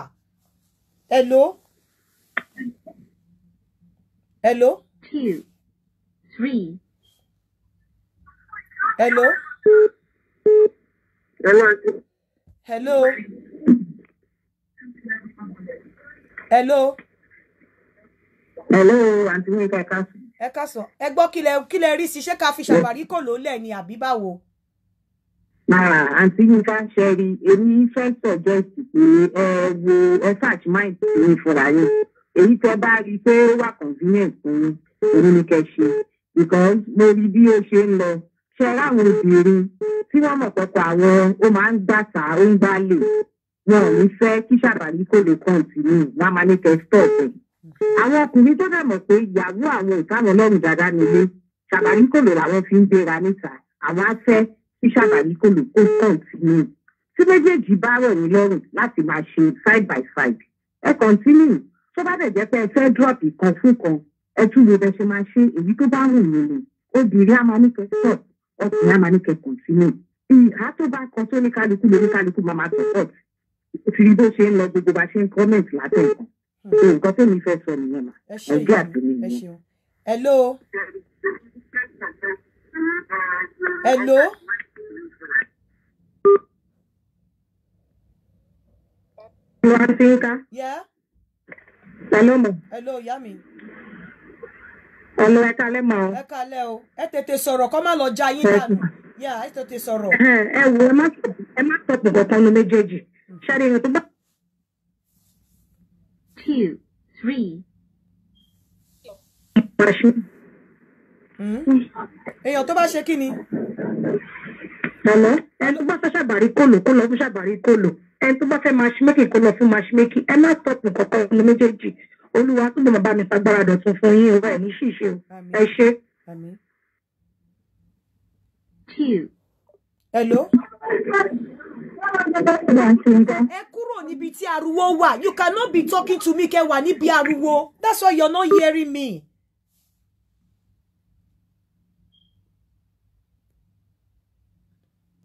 Hello. Hello. Two, three. Hello. Hello. Hello hello. hello àǹtí mi ká ẹ̀ka sùn. ẹ̀ka sùn ẹ gbọ́ kílẹ̀ kílẹ̀ rí sí ṣé ká fi ṣàwárí kò lólẹ̀ ni àbí báwo. àǹtí mi ká ṣe rí èmi fẹ́ sọ̀jẹ́sì pé ẹ wo ẹ search mind mi fúnra yín èyí tẹ bá rí i pé ó convenient fún yín ni kẹ ṣe because mo rí bí ó ṣe ń lọ ṣe ráwọn obìnrin tí wọ́n mọ̀ pọ̀pọ̀ àwọn ó máa ń gbàtà ó ń gbálè wọn ò ní fẹ́ kí ṣàbàlí kò lè kọ́ńtínú wọn a máa ní kẹ́ stop ẹ̀. àwọn ọkùnrin tó dẹ̀ mọ̀ pé ìyàwó àwọn ìtàwọn ọlọ́run dáadáa nílé ṣàbàlí kò lè làwọn fi ń gbéra níta àwọn á fẹ́ kí ṣàbàlí kò lè kó kọ́ńtínú. tí méjèèjì bá rọ̀ yín lọ́rùn láti máa ṣe side by side ẹ kọ́ńtínú tó bá dẹ̀ jẹ́ pé ẹ fẹ́ drop ìkan fún kan ẹ tún wo bẹ ṣe máa ṣe èyí tó bá wù yín ni obìnrin á máa ní kẹ́ stop ọkùnrin á máa ní kẹ́ ti rí bó ṣe ń lọ gbogbo bá ṣe ń comment látẹ̀kọ́ hmm. nǹkan tó mi fẹ́ sọ nìyẹn mà ẹgbẹ́ àti mi nìyẹn. hello. hello. Ìwà ti ń ká. Hello mọ̀. Hello ìyá mi. Hello ẹ kalẹ́ mọ̀. Ẹ kalẹ́ o. Ẹ tètè sọ̀rọ̀ kọ́ má lọ ja yín dànù. Ẹ tètè sọ̀rọ̀. Ẹ wo ẹ má tọ̀pọ̀ kankan ní méjèèjì sharing ito ba? Two, three. Hmm? Hmm? Èèyàn tó bá ṣe kí ni? Màmá ẹni tó bá fẹ́ ṣàbàrí kòlò kó lọ fún ṣàbàrí kòlò ẹni tó bá fẹ́ matchmaking kó lọ fún matchmaking ẹ má tọ̀pù kọ̀ọ̀kan ọmọ méjèèjì olúwa tó lè máa bá mi fagbára dọ̀tun fún yín ọ̀rọ̀ ẹ̀ ní ṣìṣe o ẹ ṣe. Two hello. ẹ kúrò níbi tí ariwo wà you cannot be talking to me kẹ́ wà níbi ariwo that's why you're not hearing me.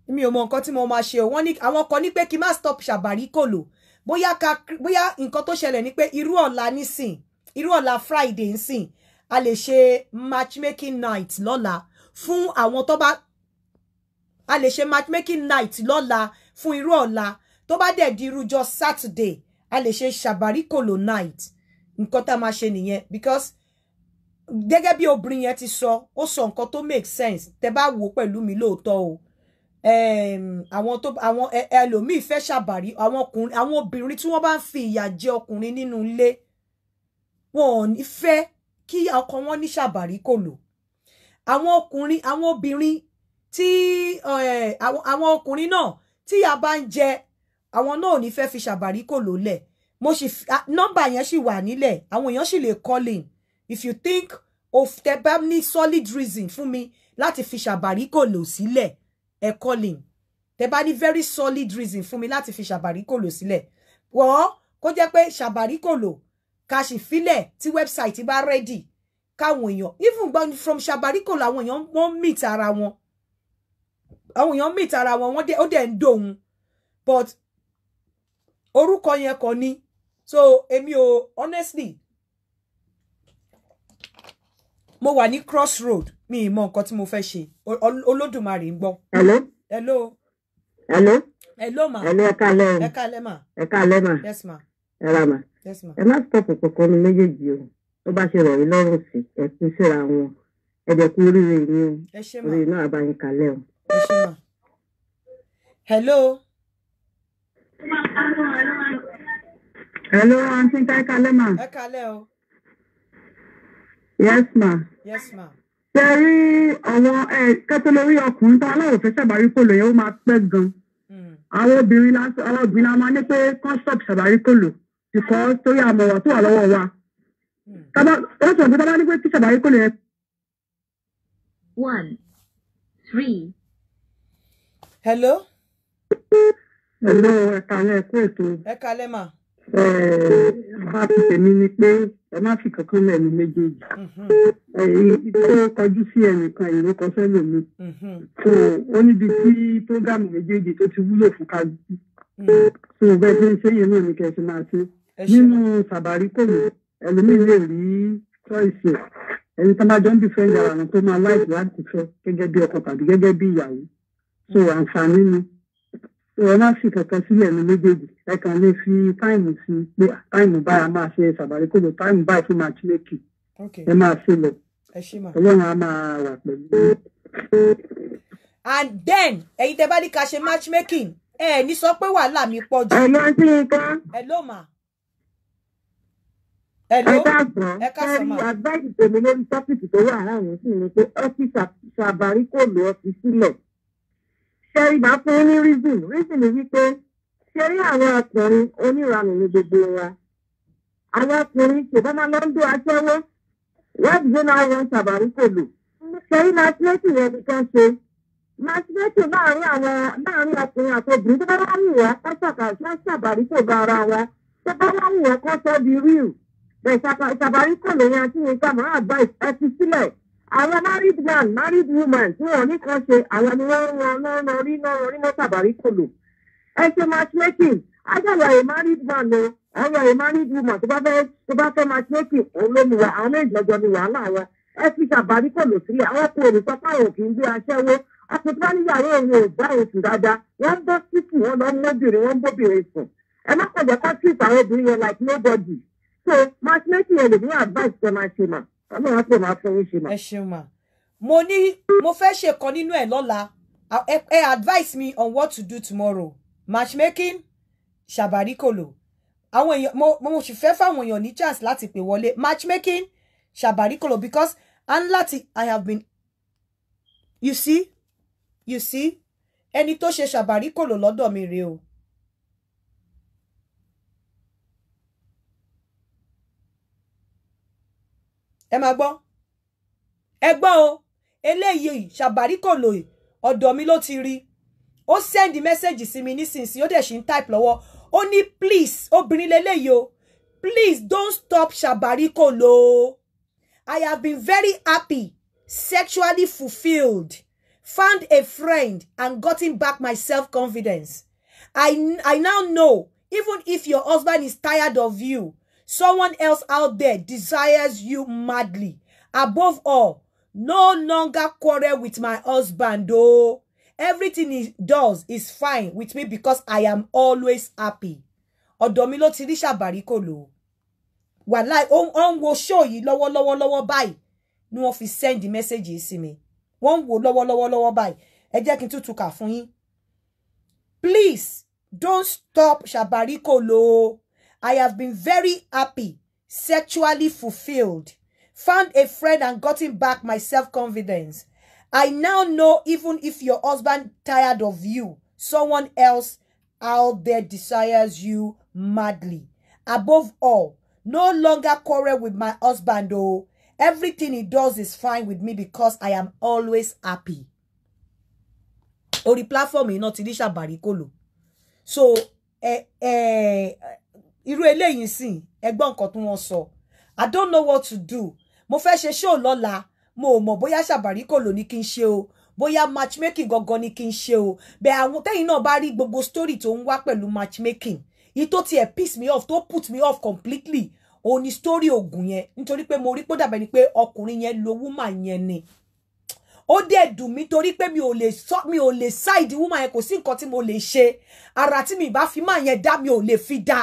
mi ò mọ nǹkan tí mo máa ṣe o wọ́n ní àwọn kan ní pé kí n má stop ṣàbàrí kòlò bóyá ká bóyá nǹkan tó ṣẹlẹ̀ ni pé irú ọ̀la nísìn irú ọ̀la Friday nísìn a lè ṣe matchmaking night lọ́la fún àwọn tó bá a lè ṣe matchmaking night lọ́la fún irú ọ̀la tó bá dẹ̀ di irújọ Saturday a lè ṣe ṣàbáríkòlò night nǹkan tá a máa ṣe nìyẹn because gẹ́gẹ́ bí obìnrin yẹn ti sọ ó sọ nǹkan tó make sense tẹ bá wò pẹ̀lú mi lóòótọ́ o ehm, àwọn tó àwọn ẹlòmíì fẹ́ ṣàbàrí àwọn ọkùnrin àwọn obìnrin tí wọ́n bá ń fi ìyà jẹ ọkùnrin nínú ilé wọn ò ní fẹ́ kí ọkọ wọn ní ṣàbàrí kò lò àwọn ọkùnrin àwọn obìnrin tí eh, àwọn ọkùnrin náà tí a bá ń jẹ àwọn náà ò ní fẹ́ fi ṣàbàrí kò lólẹ̀ mo sì nọ́mbà yẹn sì wà nílẹ̀ àwọn èèyàn sì lè call in if you think of tẹ bá ní solid reason fún mi láti fi ṣàbàrí kò lò sílẹ̀ ẹ call in tẹ bá ní very solid reason fún mi láti fi ṣàbàrí kò lò sílẹ̀ wọ́n kó jẹ́ pé ṣàbàrí kò lò ká sì filẹ̀ tí wẹ́bsáìtì bá rẹ́dì káwọn èèyàn even from ṣàbàrí kò lò àwọn èèyàn wọ́n mìt ara wọn àwọn èèyàn meet ara wọn wọ́n ó dẹ̀ ń dòun but orúkọ yẹn kọ́ ni so èmi ò honestly mo wà ní road. mi ì mọ nǹkan tí mo fẹ́ ṣe olódùmarè ń gbọ́. hello. hello. hello. hello ma. hello ẹ káalẹ́ o. ẹ káalẹ́ ma. ẹ káalẹ́ ma. yes ma. ẹ ma. yes ma. ẹ má stop kankan mi méjèèjì o tó bá ṣe rọ̀ yín lọ́rùn sí ẹ pín síra wọn ẹ jẹ́ kú oríire yín o oríire náà bá yín o ẹ ṣe mà. hello. hello aunty ká ẹ yes ma. yes ma. ṣe rí àwọn ẹ kẹtọlórí ọkùnrin tó aláwọ̀ fẹ́ ṣàbárí kòlò yẹn ó máa pẹ́ gan. Hmm. àwọn obìnrin lásán àwọn obìnrin la máa ní pé concept ṣàbárí kòlò ìkọ́ torí àmọ̀wọ̀ tó wà lọ́wọ́ wa. Hmm. ó sọ̀rọ̀ pé tábà ní pé tíṣà bá rí one three hello. hello ẹ kalẹ kú ètò. ẹ kalẹ mà. ẹ àbáfi tèmi ni pé ẹ má fi kankan lẹ́nu méjèèjì. Mm-hmm. tó kọjú sí ẹnìkan ìró kan sẹ́lòmí. Mm-hmm. so ó níbi tí prógámù méjèèjì tó ti wúlò fún kájú. Mm-hmm. so bẹ́ẹ̀ tó ń ṣe yẹn náà ni kẹ́sì máa ṣe. nínú sàbárí kò ní ẹlòmíì lè rí choice ẹni tó bá jọ ń bí fẹ́ yàrá tó máa láìpẹ́ láti fẹ́ gẹ́gẹ́ bí ọkọ tàbí gẹ́gẹ́ bí ìyàwó so àǹfààní ni ẹ má fi kankan sílẹ̀ ní méjèèjì ẹ kàn lè fi táìmù sí pé táìmù báyà máa ṣe sàbàrí kò lò táìmù báyà fún màá tilẹ̀ kì ẹ máa ṣe lọ ọlọ́run á máa wà pẹ̀lú. and then ẹ̀yin tẹ́ bá ní ká ṣe matchmaking ẹ ẹ ní sọ pé wàhálà mi pọ̀ jù. ẹ lọ sí ika. mà. ẹ káàsán ẹ káàsán advice tèmi lórí topic tó wà láàrin sí ni pé ọ́fíìsì sàbàrí kò fi sílẹ̀. ṣẹ́rí máa fún ní reason reason ni wípé ṣẹ́rí àwọn ọkùnrin oníranù ní gbogbo wa àwọn ọkùnrin kò bá máa lọ́ńdọ̀ aṣẹ́wó wọ́n dìde náà wọn ṣàbàrí kò lò ṣẹ́rí yẹn ṣe masinẹ́tì láàrin àwọn láàrin ọkùnrin àwọn married man married woman tí wọn ò ní kan ṣe àwọn ni wọn ń ran lọ́rùn orí lọ́rùn orí matchmaking married man o ọ̀rọ̀ married woman tó bá fẹ́ tó bá matchmaking òun ló mu wa àwọn méjì ọjọ́ ni wàhálà wa ẹ fi ṣàbàríkòlò sílẹ̀ àwọn kò sọ fáwọn òkè ń gbé ọkùnrin tó wọn lọ sùn ẹ má kọjá obìnrin yẹn like nobody so matchmaking lè ní advice tẹ Ọlọ́run á pè máa fún yín ṣe mà. Ẹ ṣeun mà. Mo ní mo fẹ́ ṣe kan nínú ẹ̀ lọ́la. Ẹ advise me on what to do tomorrow. Matchmaking ṣàbáríkòlò. Àwọn èèyàn mo mo sì fẹ́ fáwọn èèyàn ní chance láti pè wọlé. Matchmaking ṣàbáríkòlò because and lati, I have been you see you see ẹni tó ṣe ṣàbáríkòlò lọ́dọ̀ mi rèé o. ẹ máa gbọ́ ẹ gbọ́ o eléyìí ṣàbáríkòlò ọ̀dọ̀ mi ló ti rí ó sẹ́ndì message sí mi nísinsìnyí ó dẹ̀ ṣì ń type lọ́wọ́ ó ní please obìnrin leléyìí o please don't stop ṣàbáríkòlò I have been very happy sexually fulfilled found a friend and gotten back my self-confidence. I, I now know even if your husband is tired of you Someone else out there desires you madly. Above all, no longer quarrel with my husband, though. Everything he does is fine with me because I am always happy. Ọ̀dọ̀ mi ló ti on will show you. ń wo ṣóò yìí lọ́wọ́lọ́wọ́lọ́wọ́ báyìí ni wọ́n fi send message yìí sí mi. Wọ́n ń wo lọ́wọ́lọ́wọ́lọ́wọ́ báyìí. Ẹ jẹ́ kí n tútù kà fún yín. Please don't stop ṣàbàríkòlò. I have been very happy, sexually fulfilled, found a friend and gotten back my self-confidence. I now know even if your husband tired of you, someone else out there desires you madly. Above all, no longer quarrel with my husband though. Everything he does is fine with me because I am always happy. the platform iná ti bàríkòlò. So, eh, eh, irú eléyìí sìn ẹgbọ́n nǹkan tí wọ́n sọ i don't know what to do mo fẹ́ ṣe ṣóò lọ́la mo ò mọ̀ bóyá ṣàbàrí kò lò ní kí o bóyá matchmaking gangan ni kí n ṣe o bẹ́ẹ̀ àwọn tẹ́yìn náà bá rí gbogbo story to ń wá pẹ̀lú matchmaking yìí tó tiẹ̀ piss me off To put me off completely Oni story oògùn yẹn nítorí pé mo rí pé dàbẹ̀ ni pé ọkùnrin yẹn lo woman yẹn ni ó dẹ̀ dùn mí torí pé mi ò lè sọ mi ò lè ṣáìdì woman yẹn kò sí nǹkan tí mo lè ṣe ara tí mi ba fi máa yẹn dá mi ò lè fi dá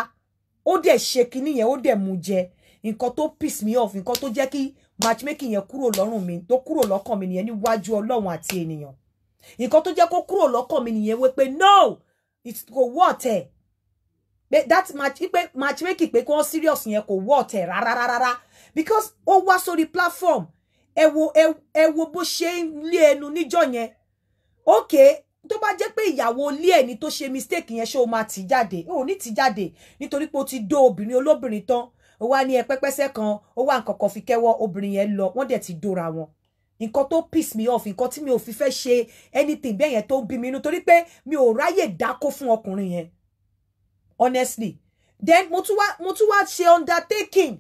ó dẹ̀ ṣe kinní yẹn ó dẹ̀ mú jẹ nǹkan tó piss me off nǹkan tó jẹ́ kí matchmaking yẹn kúrò lọ́rùn mi tó kúrò lọ́kàn mi nìyẹn níwájú ọlọ́run àti ènìyàn nǹkan tó jẹ́ kó kúrò lọ́kàn mi nìyẹn wípé no it kò wọ́ ọ̀tẹ̀ pé that match pé matchmaking pé kí wọ́n serious yẹn kò wọ́ ọ̀tẹ̀ rárárárá because ó wá sórí platform ẹ wo ẹ wo bó ṣe ń lé ẹnu níjọ́ yẹn okay tó bá jẹ́ pé ìyàwó ilé ẹni tó ṣe mistake yẹn ṣé o máa tì jáde o ò ní tì jáde nítorí pé o ti dó obìnrin olóbìnrin tán o wá ní ẹpẹpẹsẹ kan o wá nǹkan kan fi kẹ́wọ́ obìnrin yẹn lọ wọ́n dẹ̀ ti dóra wọn nǹkan tó piss me off nǹkan tí mi ò fi fẹ́ ṣe anything bẹ́ẹ̀ yẹn tó ń bí mi inú torí pé mi ò ráyè dákó fún ọkùnrin yẹn honestly then mo tún wá ṣe undertaking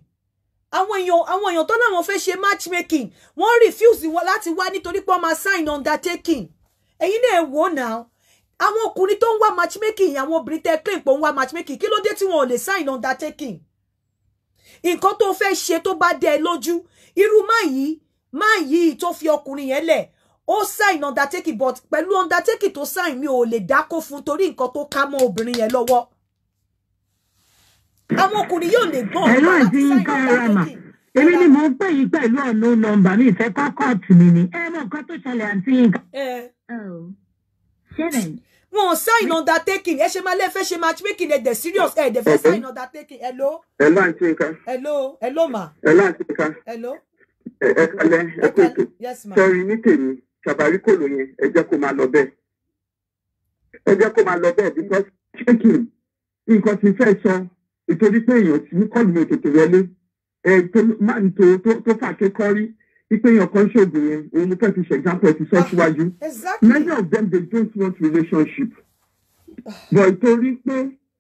àwọn èèyàn àwọn èèyàn tó náà wọn fẹ́ ṣe matchmaking wọ́n refuse wọn láti wá nítorí pé wọ́n máa sign undertaking ẹ̀yin náà wò náà àwọn ọkùnrin tó ń wá matchmaking àwọn obìnrin tẹ́ claim pé ń wá matchmaking kí ló dé tí wọn ò lè sign undertaking nǹkan tó fẹ́ ṣe tó bá dẹ lójú irú máa yìí máa yìí tó fi ọkùnrin yẹn lẹ̀ ó sign undertaking but pẹ̀lú undertaking tó sign mi ò lè dákó fún torí nǹkan tó ká mọ́ obìnrin yẹn lọ́wọ́ àwọn ọkùnrin yóò lè gbọ́n ẹ̀rọ àti nǹkan ara mà èmi ni mò ń pè yín pẹ̀lú ọ̀nà nọ́mbà mi ìfẹ́ kọ́kọ́ tì ni ẹ mọ nǹkan tó ṣẹlẹ̀ àti nǹkan. Eh oh seven. wọn sign undertaking ẹ ṣe máa lẹ́fẹ̀ẹ́ ṣe matchmaking ẹ dẹ̀ serious ẹ dẹ̀ fẹ́ sign undertaking hello. hello àǹtí nǹkan. hello hello ma. hello àǹtí nǹkan. hello. ẹ kalẹ ẹ kó ètò sẹrin ní tèmi ṣàbáríkòlò yẹn ẹ jẹ́ kó máa lọ bẹ́ẹ̀ ẹ jẹ́ kó máa lọ bẹ́ẹ̀ because shaking nǹkan tí fẹ́ sọ ìtorí pé èèyàn ti ní kọ́ọ̀lù mi ò tètè wọlé ẹ tó fà kékọ́rí ipe your conscience yẹn òun fẹ́ fi ṣèjápọ̀ ti sọ ah, síwájú many of them they don't want relationship but torí pé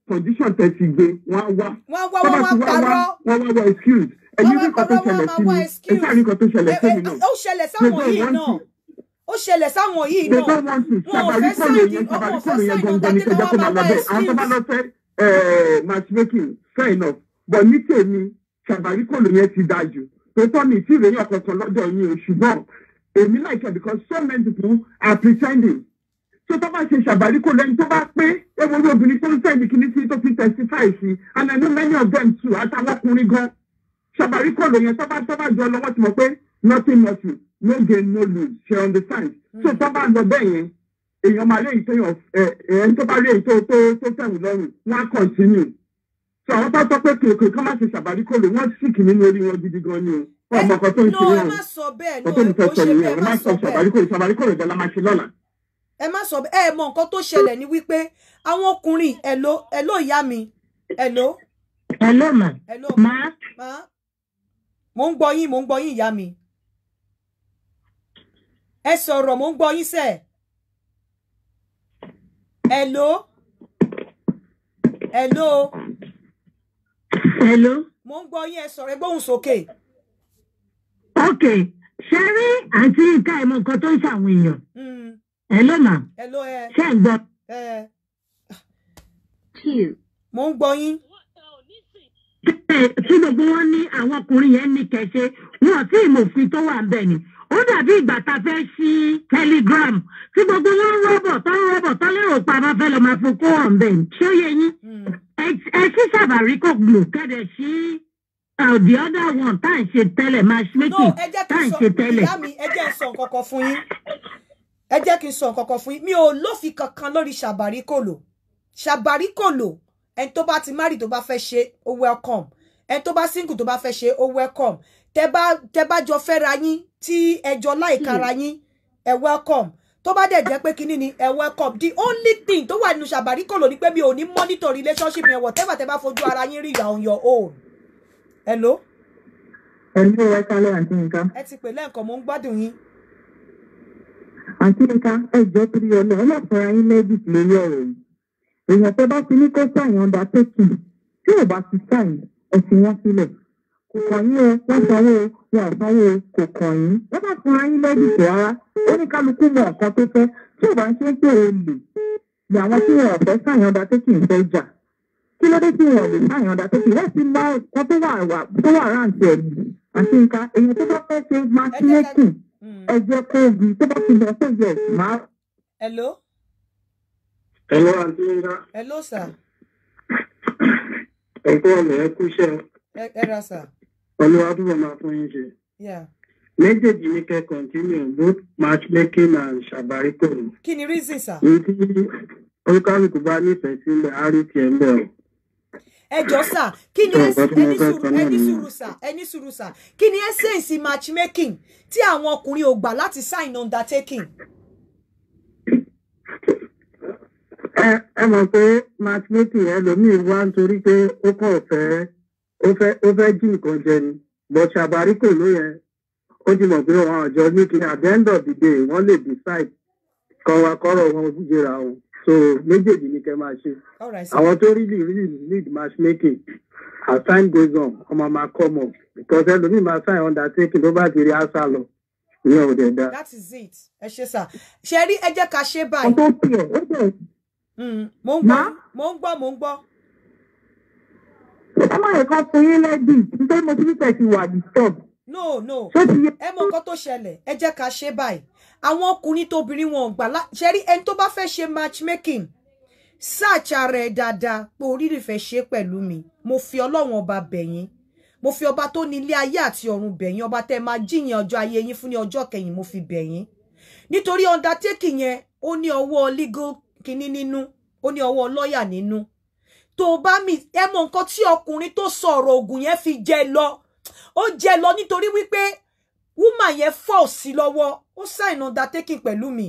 condition tẹ ti gbé wọn á wá wọn á wá wọn á wá excuse ẹ̀yin ní kan tó ṣẹlẹ̀ sí mi ẹ̀yin ní kan tó ṣẹlẹ̀ sí mi náà ó ṣẹlẹ̀ sáwọn yìí náà ó ṣẹlẹ̀ sáwọn yìí náà wọn ò fẹ́ sáyìn ọmọ ò fẹ́ sáyìn ọ̀gá tí wọ́n bá wá excuse àwọn tó bá lọ fẹ́ eh, matchmaking fair enough but ní tèmi ṣàbárí kòlò yẹn ti dájú tòótọ́ mi tí ìròyìn ọ̀kọ̀ọ̀kan lọ́dọ̀ yín o ṣùgbọ́n èmi láìpẹ́ because so many people are pretending. So ding tó Shabari bá ṣe ṣàbárí kó lẹ́ni tó bá pé ewu orí obìnrin tó ń sẹ́ni testify and I know many of them too àtàwọn ọkùnrin gan ṣàbárí kó lóyún tó bá tó bá jọ lọ́wọ́ tí mo pé nothing nothing no gain no lose ṣe understand so mm. tó bá lọ bẹ́ẹ̀ yẹn èèyàn máa léyìí tó yàn ẹ̀ ẹ̀ ń tó bá léyìí tó tó tó tẹ̀wù lọ́rùn wọ́n á continue sọ àwọn bá tọ́ pé kèké ká má ṣe ṣàbárí kò lè wọ́n sì kì nínú orí wọn gidi gan ni o ọmọ kan tó ń ṣe wọn eh, kò tó ń fẹ́ sọ nìyẹn ẹ má sọ ṣàbárí kò ṣàbárí kò lè dọ́là má ṣe lọ́la. ẹ má sọ ẹ mọ nǹkan tó ṣẹlẹ̀ ni wípé àwọn ọkùnrin ẹ̀ló ẹ̀ló ìyá mi ẹ̀ló. ẹ̀ló mà má. mo ń gbọ́ yín mo ń gbọ́ yín ìyá mi ẹ sọ̀rọ̀ mo ń gbọ́ yín sẹ́ẹ̀. ẹ̀ló ẹ̀ló hello. mo ń gbọ́ yín ẹ sọ̀rọ̀ gbóhùn sókè. ok ṣe rí àti ìka ìmọ̀ nǹkan tó ń ṣàwọn èèyàn. Hmm. hello ma. hello ẹ. ṣé ń gbọ́. mo ń gbọ́ yín. tí gbogbo wọn ní àwọn ọkùnrin yẹn ní kẹsẹ wọn ò tí òfin tó wà ń bẹ̀ ni ó dàbí ìgbà tá a fẹ́ sí telegram tí gbogbo wọn rọ́bọ̀ tó ń rọ́bọ̀ tó lérò pa máa fẹ́ lọ́ọ́ máa fún kó hàn bẹ́ẹ̀ ṣé ó yẹ yín hmm. ẹ sí sàbàrí kò gbò kẹ́dẹ̀ sí uh, the other one tá à ń ṣe tẹ́lẹ̀ matchmaking tá à ń ṣe tẹ́lẹ̀. ẹ jẹ́ kí n sọ kọ̀kọ̀ fún yín ẹ jẹ́ kí n sọ kọ̀kọ̀ fún yín mi ò lófin kankan lórí sàbàrí kò lò sàbàrí kò lò ẹni tó bá ti márì tó bá fẹ́ ṣe ó welcome ẹni tó bá single tó bá fẹ́ ṣe ó welcome tẹ bá tẹ bá jọ fẹ́ra yín tí ẹjọ́ láìkara hmm. yín ẹ welcome tó bá dẹ̀ jẹ́ pé kínní ni ẹ welcome the only thing tó wà nínú ṣàbáríkòlò ni pé mi ò ní monitor relationship yẹn whatever tẹ bá fojú ara yín rí on your own. hello. hello ẹ kálẹ̀ àǹtí nǹkan. ẹ ti pè lẹ́ẹ̀kan mo ń gbádùn yín. àǹtí nǹkan ẹ jọ torí ọlọ ọlọpàá yín lẹ́bìtì lórí ọ̀rọ̀ yìí èèyàn tẹ bá ti ní kó sàyàn dá tẹ́kì tí ò bá ti sàyàn ẹ̀sìn wọn sílẹ̀ kò kàn yín o wọ́n sanwó o wọn ò sanwó o kò kàn yín wọ́n bá fún ayé lẹ́dìtì rárá ó ní kálukú mọ nǹkan tó fẹ́ tí ò bá ń ṣe ń pè é lè ni àwọn tí wọn ò fẹ́ sàyànda tó kì í fẹ́ jà kí ló dé tí wọn ò lè sàyànda tó kì í wọ́n ti mọ nǹkan tó wà wà tó wà ráǹtì ẹ̀ nì àti nǹkan èyí tó bá fẹ́ ṣe mákínékì ẹ̀jẹ̀ kóògì tó bá ti lọ sóògì ẹ̀ máa. hello. hello àti nga. hello sir. ẹ̀kọ́ ọ̀nà ẹ kúṣẹ́. ẹ ẹ ra sir olúwa túbọ̀ máa fún yín ṣe. méjèèjì ní kẹ́ continue both matchmaking and ṣàbáríkò. kí ni reason sir. èyí tí olùkàlùkù bá nífẹ̀ẹ́ sílẹ̀ á rí tiẹ̀ ń bẹ̀ o ẹjọ sà kí ni ẹni sùúrù sà kí ni essence matchmaking tí àwọn ọkùnrin ò gbà láti sign undertaking. ẹ ẹ mọ̀ pé matchmaking ẹlòmíì wá nítorí pé ó kàn fẹ́ ofe fẹ́ jí nǹkan jẹ ni but ṣàbárí kò ló yẹ ó ti mọ̀ pé wọn at the end of the day wọ́n le be side kọwa kọrọ wọn jẹra wọn so méjèèjì ni kẹ́ máa awọn àwọn tó really lè need matchmaking as time goes on ọmọ máa kọ́ mọ̀ because ẹlòmíì ma sign undertaking ló bá ti rí asa lọ ìyẹn ò dẹ̀ that is it ẹ ṣe sà ṣe rí ẹ ká ṣe báyìí. ọ̀tọ̀ tiẹ̀ ó hmm, bẹ̀. mo ń gbọ́ mo ń gbọ́. ẹ má yẹ kán fún yín lẹ́dì nítorí mo ti ní tẹ̀sí wà disturb. no no ẹ mọ nǹkan tó ṣẹlẹ̀ ẹ jẹ́ ká ṣe báyìí àwọn ọkùnrin tóbìnrin wọn gbà ṣe rí ẹni tó bá fẹ́ ṣe matchmaking search ara ẹ dáadáa pé oríire fẹ́ ṣe pẹ̀lú mi mo fi ọlọ́run ọba bẹ̀yìn mo fi ọba tó ní ilé ayé àti ọ̀run bẹ̀yìn ọba tẹ́ máa jíyàn ọjọ́ ayé yín fún ní ọjọ́ kẹyìn mo fi bẹ̀yìn nítorí undertaking yẹn ó ní ọwọ́ legal kinní nínú ó ní ọwọ́ lọ́ọ̀yà nínú tó bá mi ẹ mọ nǹkan tí ọkùnrin tó sọ̀rọ̀ ògùn yẹn fi jẹ lọ ó jẹ lọ nítorí wípé wúmà yẹn fọ́ sí lọ́wọ́ ó sign undertaking pẹ̀lú mi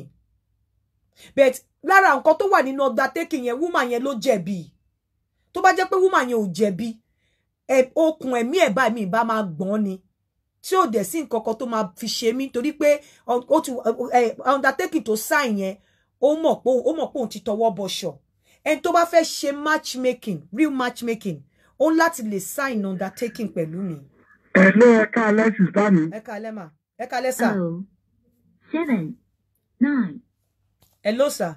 but lára nǹkan tó wà nínú undertaking yẹn wúmà yẹn ló jẹ̀bi tó bá jẹ́ pé wúmà yẹn ò jẹ̀bi okùn ẹ̀mí ẹ̀ bá mi ìbá máa gbọ́n ni tí ò dẹ̀ sí nǹkan kan tó máa fi ṣe mí torí pé undertaking tó sign yẹn ó mọ̀ pé òun ti tọwọ́ bọ̀ṣọ̀ ẹni tó bá fẹ́ ṣe matchmaking real matchmaking òun láti lè sign undertaking pẹ̀lú mi. ẹ lé ẹka alẹ́ sísá mi. ẹka alẹ́ mà ẹka alẹ́ sà. seven nine. hello sà.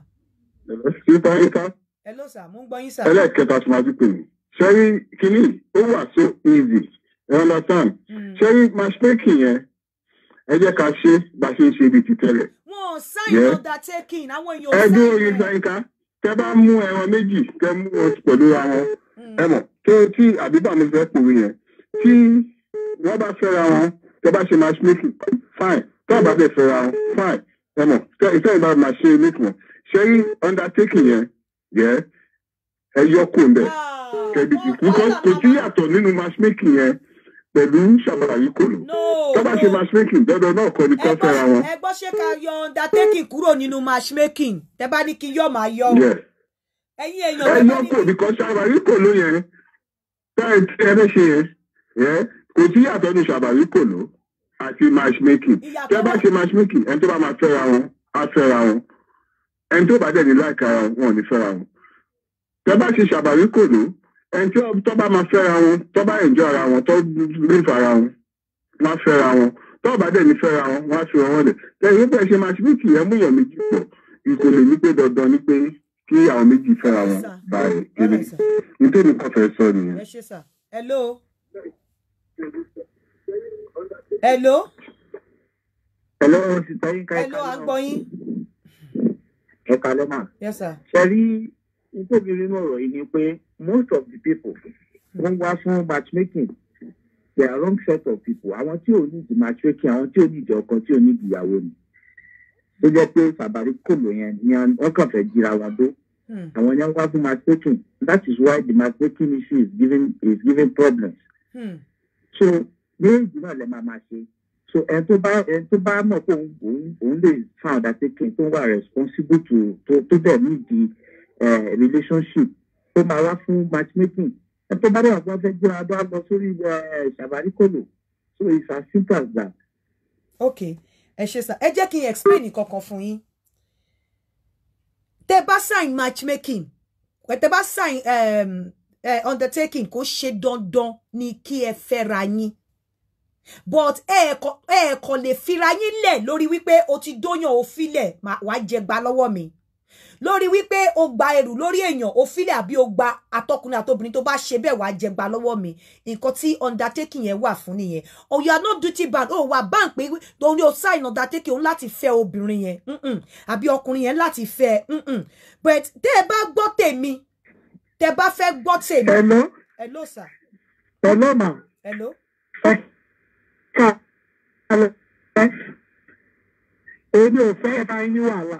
ìta ìta. hello sà mo ń gbọ́ yín sà. ẹlẹ́kẹta tí màá ti pè mí ṣẹ́rí kínní ó wà so easy you understand hmm. ṣẹ́rí matchmaking yẹn ẹ jẹ́ ká ṣe bá ṣe ń ṣe ibi ti tẹ́lẹ̀. wọn ò sign undertaking àwọn èèyàn ò sign. ẹ dúró yín gbọ́ ká tẹ bá mú ẹran méjì tẹ mú ọtí pẹ̀lú ra wọn hmm. ẹ mọ̀ tó tí àbíbà mi fẹ́ pòwe yẹn tí wọ́n bá fẹ́ wọn tẹ bá ṣe matchmaking fine tọ́ bá fẹ́ fẹ́ wọn fine ẹ mọ̀ tẹ ìfẹ́ ìbá máa ṣe make wọn ṣé yí undertaking yẹn yẹ ẹ yọ kó ń bẹ̀ kẹbi ìkú kò sí yàtọ̀ nínú matchmaking yẹn pẹ̀lú Ṣàmàlà yìí kò ní. tó bá ṣe matchmaking dandan náà kọ́ ni kọ́ fẹ́ra wọn. ẹ gbọ́ ká yọ undertaking kúrò nínú matchmaking tẹ bá ní kí yọ máa yọ. ẹ̀yin èèyàn ẹ yọ kò ní kọ́ Ṣàmàlà yìí kò ló yẹn táyì tí ẹ fẹ́ ṣe yẹn kò sí yàtọ̀ ní Ṣàmàlà yìí kò ló àti matchmaking tẹ bá ṣe matchmaking ẹni tó bá máa fẹ́ra wọn á fẹ́ra wọn ẹni tó bá dẹ̀ ní láìka wọn ò ní fẹ́ra wọn tẹ bá ṣe Ṣàmàlà yìí kò ló ẹni tí wọ́n bá máa fẹ́ra wọn tó bá ẹ̀jọ́ ara wọn tó bíf ara wọn wọ́n á fẹ́ra wọn tó bá dẹ̀ ní fẹ́ra wọn wọ́n á fi wọn lẹ̀ lẹ́yìn nípa ẹ̀ṣẹ̀ màṣíbìtì ẹ̀ mú èèyàn méjì pọ̀ ìkò lè ní pé dandan ni pé kí àwọn méjì fẹ́ra wọn báyìí kiri nítorí kan fẹ́ sọ nìyẹn. ẹ ṣe sà hello. àgbọ̀yìn. ẹ̀ka lọ́mọ. yes nítorí nínú ọ̀rọ̀ yìí ni pé most of the people wọ́n wá fún matchmaking they are wrong set of people àwọn tí ò ní ìdí matchmaking àwọn tí ò ní ìdí ọkọ tí ò ní ìdí ìyàwó ni tó jẹ́ pé sàbàrí kòlò yẹn ni wọ́n kàn fẹ́ jìra wọn dó hmm. àwọn yẹn wá fún matchmaking that is why the matchmaking issue is giving is giving problems hmm. so méjì náà lè máa máa ṣe so ẹni tó bá ẹni tó bá mọ̀ pé òun òun lè found that taking tó wà responsible to to to dẹ̀ nídìí relationship ó máa wá fún matchmaking ẹ tó bá dẹ̀ wọ́n fẹ́ gbé adá lọ sórí ṣàbárí kòlò so it's as simple as that. ok ẹ ṣe sá ẹ jẹ́ kí n explain kankan fún yín tẹ bá sign matchmaking tẹ bá sign um, uh, undertaking kò ṣe dandan ni kí ẹ fẹ́ra yín but ẹ kò ẹ kò lè fira yín lẹ̀ lórí wípé o ti dóyàn òfin lẹ̀ wàá jẹ gba lọ́wọ́ mi lórí wípé o gba ẹrù lórí èèyàn o filẹ̀ àbí o gba atọ́kùnrin àtobìnrin tó bá ṣe bẹ́ẹ̀ wàá jẹ lọ́wọ́ mi nǹkan tí undertaking yẹn wà fún nìyẹn o oh, you are not duty bound o oh, wà bank pé òun yóò sign undertaking òun láti fẹ́ obìnrin yẹn àbí ọkùnrin yẹn láti fẹ́ but tẹ́ ẹ bá gbọ́ tèmi tẹ́ ẹ bá fẹ́ gbọ́ tèmi. hello hello sir. hello ma. hello. hello. èmi ò fẹ́ ẹ bá yín wàhálà.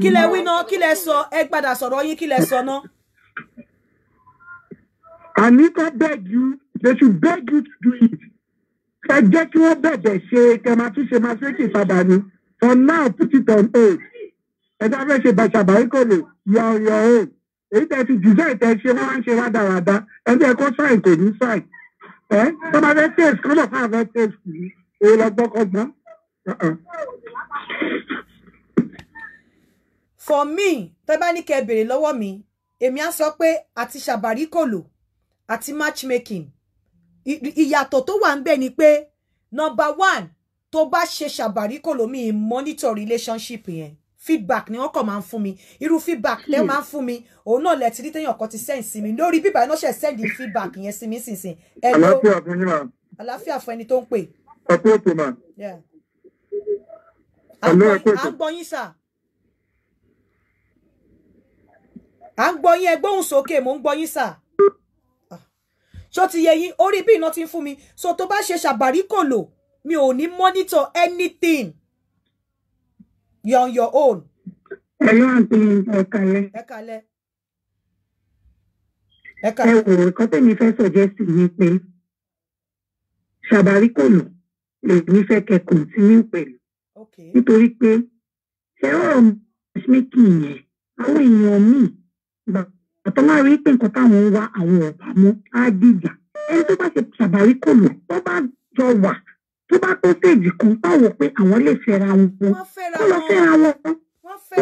kí lẹ wí mm-hmm. náà kí lẹ sọ ẹ padà sọ̀rọ̀ yín kí lẹ sọ náà. Anita beg you they should beg you to do it ẹ jẹ́ kí wọ́n bẹ̀bẹ̀ ṣe kẹma tún ṣe máa ṣèkì padà ni for now put it on hold ẹ dá fẹ́ ṣe bàṣàbàrí kò lè yọ yọ o èyí tẹ́ ti design tẹ́ ṣe wọ́n á ń ṣe rádaràda ẹ bí ẹ kó sign kò ní sign ẹ tó máa fẹ́ taste kọ́nà fún àwọn taste yìí èyí lọ gbọ́kọ̀ gbọ́n. Uh-uh for me tẹ́ bá ní kẹ́ béèrè lọ́wọ́ mi èmi á sọ pé àti ṣàbàríkòlò àti matchmaking ìyàtọ̀ tó wà ń bẹ̀ ni pé number one tó bá ṣe ṣàbàríkòlò mi monitor relationship yẹn feedback ni wọn kàn máa ń fún mi irú feedback tẹ máa ń fún mi òun náà lẹ ti rí téèyàn kan ti send sí mi lórí bíbá iná ṣe send feedback yẹn sí mi sínsìn. àlàáfíà fún yín mà. àlàáfíà fún ẹni tó ń pè. ẹ kú ètò mà. àgbọ̀yìn sà. à ń gbọ́ yín ẹ gbóhùn sókè mò ń gbọ́ yín sà ah. ṣó ti yẹ yín orí bí iná ti ń fún mi so tó bá ṣe ṣàbàríkòlò mi ò ní monitor anything you on your own. ẹ̀lọ́ àti ẹ̀kalẹ̀. ẹ̀kalẹ̀. ẹ̀kalẹ̀. ẹ wò ó kọ́ tẹ̀mí fẹ́ suggest ni pé ṣàbàríkòlò lèmi fẹ́ kẹ́ continue pẹ̀lú. nítorí pé ṣé ọ̀rọ̀ matchmaking yẹn àwọn èèyàn míì bàtà máa rí pé nǹkan táwọn ń wá àwọn ọ̀bà mú á dìjà ẹni tó bá ṣe ṣàbárí kò lò tó bá jọ wà tó bá tó stage kan báwo pé àwọn lè fẹ́ra wọn kó lọ fẹ́ra wọn tó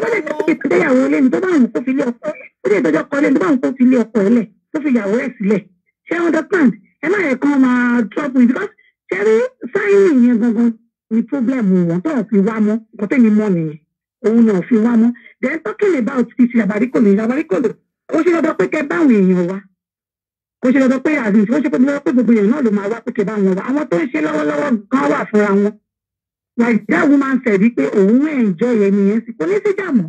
bá lè ṣe ìpínlẹ̀yàwó lẹ́nu tó bá àwọn kó fi lé ọkọ ó lè dọjọ́ kọ lẹ́nu tó bá àwọn kó fi lé ọkọ ẹ̀ lẹ̀ tó fi yàwó ẹ̀ sílẹ̀ ṣé understand ẹ má yẹ kán máa drop me because ṣé rí sáyẹn yẹn gangan ni problem wọn tó fi wá mọ́ nǹkan tẹ́mi mọ́ nìyẹn òun náà fi wá mọ́ then talking about títí àbáríkòlò àbáríkòlò ó ṣe lọ́dọ̀ pé kẹ́ báwọn èèyàn wa kò ṣe lọ́dọ̀ pé àdùn tí ṣe pé lọ́dọ̀ pé gbogbo èèyàn náà ló máa wá pé kẹ́ báwọn wa àwọn tó ń ṣe lọ́wọ́lọ́wọ́ gan wà fúnra wọn like that woman said wípé òun enjoy ẹni yẹn sí kò ní sí jàmọ́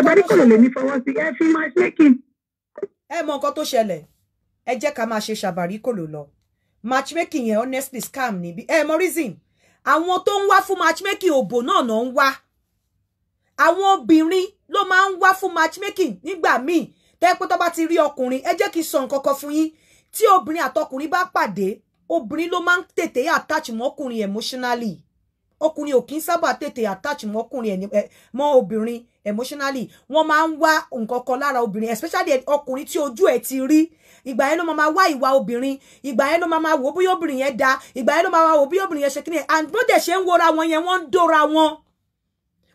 àbáríkòlò lè ní fọwọ́ sí ẹ fi máa ṣe kí. ẹ mọ nǹkan tó ṣẹlẹ̀ ẹ jẹ́ ká máa ṣe ṣàbàríkòlò lọ matchmaking yẹn honestly scam níbi ẹ mọ reason àwọn tó ń wá fún matchmaking òbò náà náà ń wá àwọn obìnrin ló máa ń wá fún matchmaking nígbà míì tẹ́ pé tó bá ti rí ọkùnrin ẹ jẹ́ kí n sọ nǹkan kan fún yín tí obìnrin àtọkùnrin bá pàdé obìnrin ló máa ń tètè attach mọ́kùnrin emotionally ọkùnrin ò kí ń sábà tètè attach mọ́kùnrin ẹ̀ mọ́ obìnrin emotionally wọ́n máa ń wá nǹkan kan lára obìnrin especially ọkùnrin tí ojú ẹ̀ ti rí ìgbà yẹn ló máa máa wá ìwà obìnrin ìgbà yẹn ló máa máa wò bóyá obìnrin yẹn da ìgbà yẹn ló máa wò bóyá obìnrin yẹn ṣe kí ni and bó dẹ̀ ṣe ń wora wọn yẹn wọ́n ń dóra wọn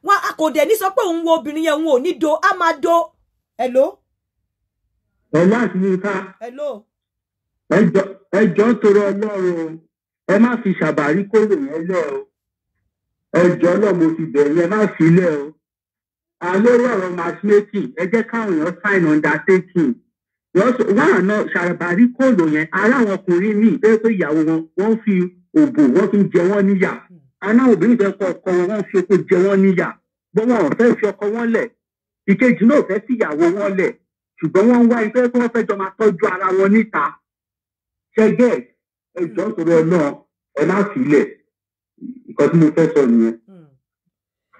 wọn a kò dẹ̀ ní sọ pé òun wo obìnrin yẹn òun ò ní do a máa do hello. ẹ̀lọ́ àti yinka ẹjọ́ tọrọ ọlọ́run ẹ má fi ṣàbárí kóró yẹn lọ o ẹjọ́ náà mo ti bẹ̀rẹ̀ ẹ má sílẹ̀ o àlórí ọ̀rọ̀ matchmaking ẹ jẹ́ káwọn èèyàn sign undertaking wọ́n àná ṣàbárí kóró yẹn ará àwọn ọkùnrin míì bẹ́ẹ̀ pé ìyàwó wọn wọ́n fi òbò wọ́n fi jẹ wọ́n níyà. Mm àná obìnrin fẹ́ kọ ọkọ wọn wọ́n fi oko jẹ wọ́n níyà bọ́ wọn ò fẹ́ fi ọkọ wọn lẹ̀ ìkejì náà fẹ́ fi ìyàwó wọn lẹ̀ ṣùgbọ́n wọ́n ń wá ìfẹ́ tí wọ́n fẹ́ jọ máa tọ́jú ara wọn níta ṣẹ́gẹ́ ẹ̀jọ́ sọ̀rọ̀ ẹ̀ náà ẹ̀ má sílẹ̀ nǹkan tí mo fẹ́ sọ nìyẹn. Hmm.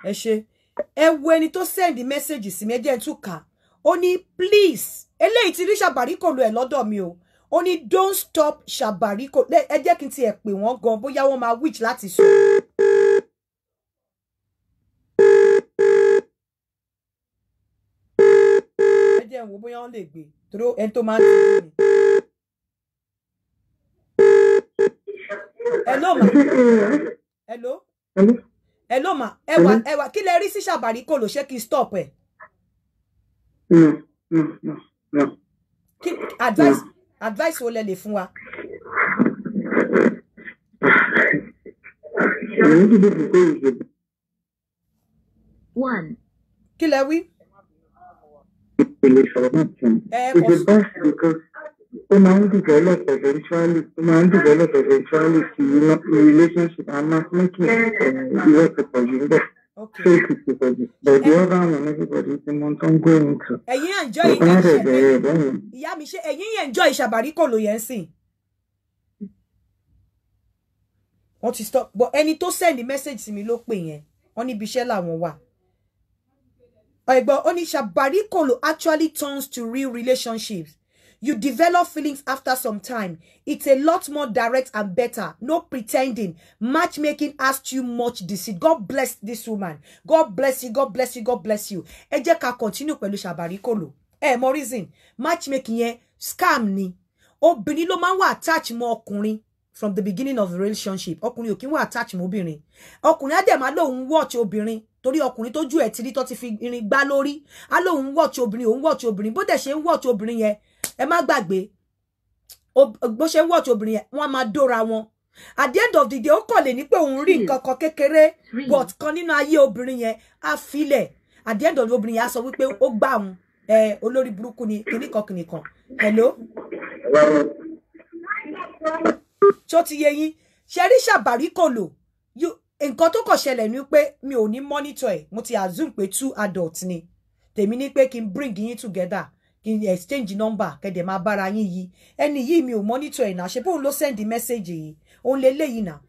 ẹ ṣe ẹ wo ẹni tó sẹ́ndì mẹ́sẹ̀gì sí mi ẹ jẹ́ ẹ tún kà ó ní please eléyìí ti ríṣà bàríkò lu ẹ̀ lọ́dọ̀ mi o ó ní don't stop ṣàbàríkò ẹ jẹ́ kí n tiẹ̀ pè wọ́n gan bóyá wọ́n máa witch láti sọ. ẹ jẹ́ wo bóyá wọ́n lè gbé torí ẹni tó máa ń tẹ̀lé mi. hello ma hello hello ma ẹwà ẹwà kí lẹ rí sí ṣàbàríkò ló ṣe kí n stop ẹ. no no no no. Kí, advice. No advice wo lẹ lè fún wa. one. Kila wi. wí. ìpele sọ̀rọ̀ develop eventually ó máa ń develop eventually sí relationship and matchmaking ìrẹ́pẹ̀pẹ̀ yìí ń bẹ̀. Okay. But the other one, everybody is the mountain going to. you enjoy it. Ìyá mi ṣe you enjoy ṣàbàríkòlò yẹn sìn. Wọ́n ti stop but any to send the message to me look when yẹn. Wọ́n níbi iṣẹ́ làwọn wà. Ẹ̀gbọ́n ó ní ṣàbàríkòlò actually turns to real relationships. You develop feelings after some time. It's a lot more direct and better. No pretending. Matchmaking has too much deceit. God bless this woman. God bless you. God bless you. God bless you. Ẹ jẹ́ ká continue pẹ̀lú ṣàbàríkòlò. Ẹ mọ reason. Matchmaking ye scam ni. Obìnrin ló máa ń wà attach mọ́ ọkùnrin from the beginning of the relationship. Ọkùnrin ò kí ń attach mo obìnrin. Ọkùnrin á dẹ̀ máa watch watch obìnrin torí ọkùnrin tójú ẹ̀ ti rí tó ti fi irin gbá lórí. Á lóun watch obìnrin, òun watch obìnrin. Bó dẹ̀ ṣe ń watch obìnrin yẹn ẹ má gbàgbé bó ṣe ń wọ̀tí obìnrin yẹn wọ́n á máa dóra wọn at the end of the day ó kàn lè ní pé òun rí hmm. nǹkan kan kékeré but kan nínú ayé obìnrin yẹn á filẹ̀ at the end of the obìnrin yẹn á sọ wípé ó gbà òun olórí burúkú ni kìnnìkan hello. tó ti yé yín ṣe rí ṣàbárí kò lò nǹkan tó kàn ṣẹlẹ̀ ni pé mi ò ní mọ́nítọ̀ ẹ̀ mo ti assume pé two adults ni tèmi ni pé kí n bring yín together kí n exchange number kẹ̀dẹ̀ máa bára yín yìí ẹni yìí mi ò monitor ẹ̀ náà ṣe bóun ló send message yìí òun lè léyìí náà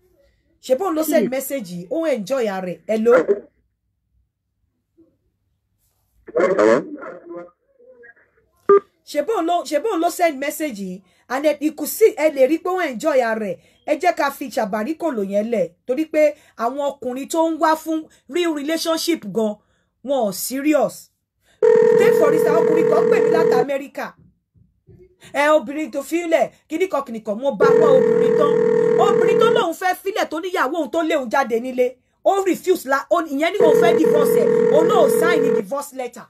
ṣe bóun ló send message yìí òun enjoy rẹ̀ hello. ṣe bóun ló ṣe send message yìí and ikú sí ẹ lè rí pé òun enjoy rẹ̀ ẹ jẹ́ ká fi ṣàbáríkòlò yẹn lẹ̀ torí pé àwọn ọkùnrin tó ń wá fún real relationship gan wọn ò serious take for instance ọkùnrin kan pè mí láti amẹ́ríkà ẹ obìnrin tó fílẹ̀ kíní kan kìnìkan mo bá wọ́n obìnrin tán obìnrin tó lóun fẹ́ fílẹ̀ tó níyàwó òun tó léun jáde nílé ó refuse la ìyẹn ní òun fẹ́ divorce ẹ̀ òun náà sign divorce letter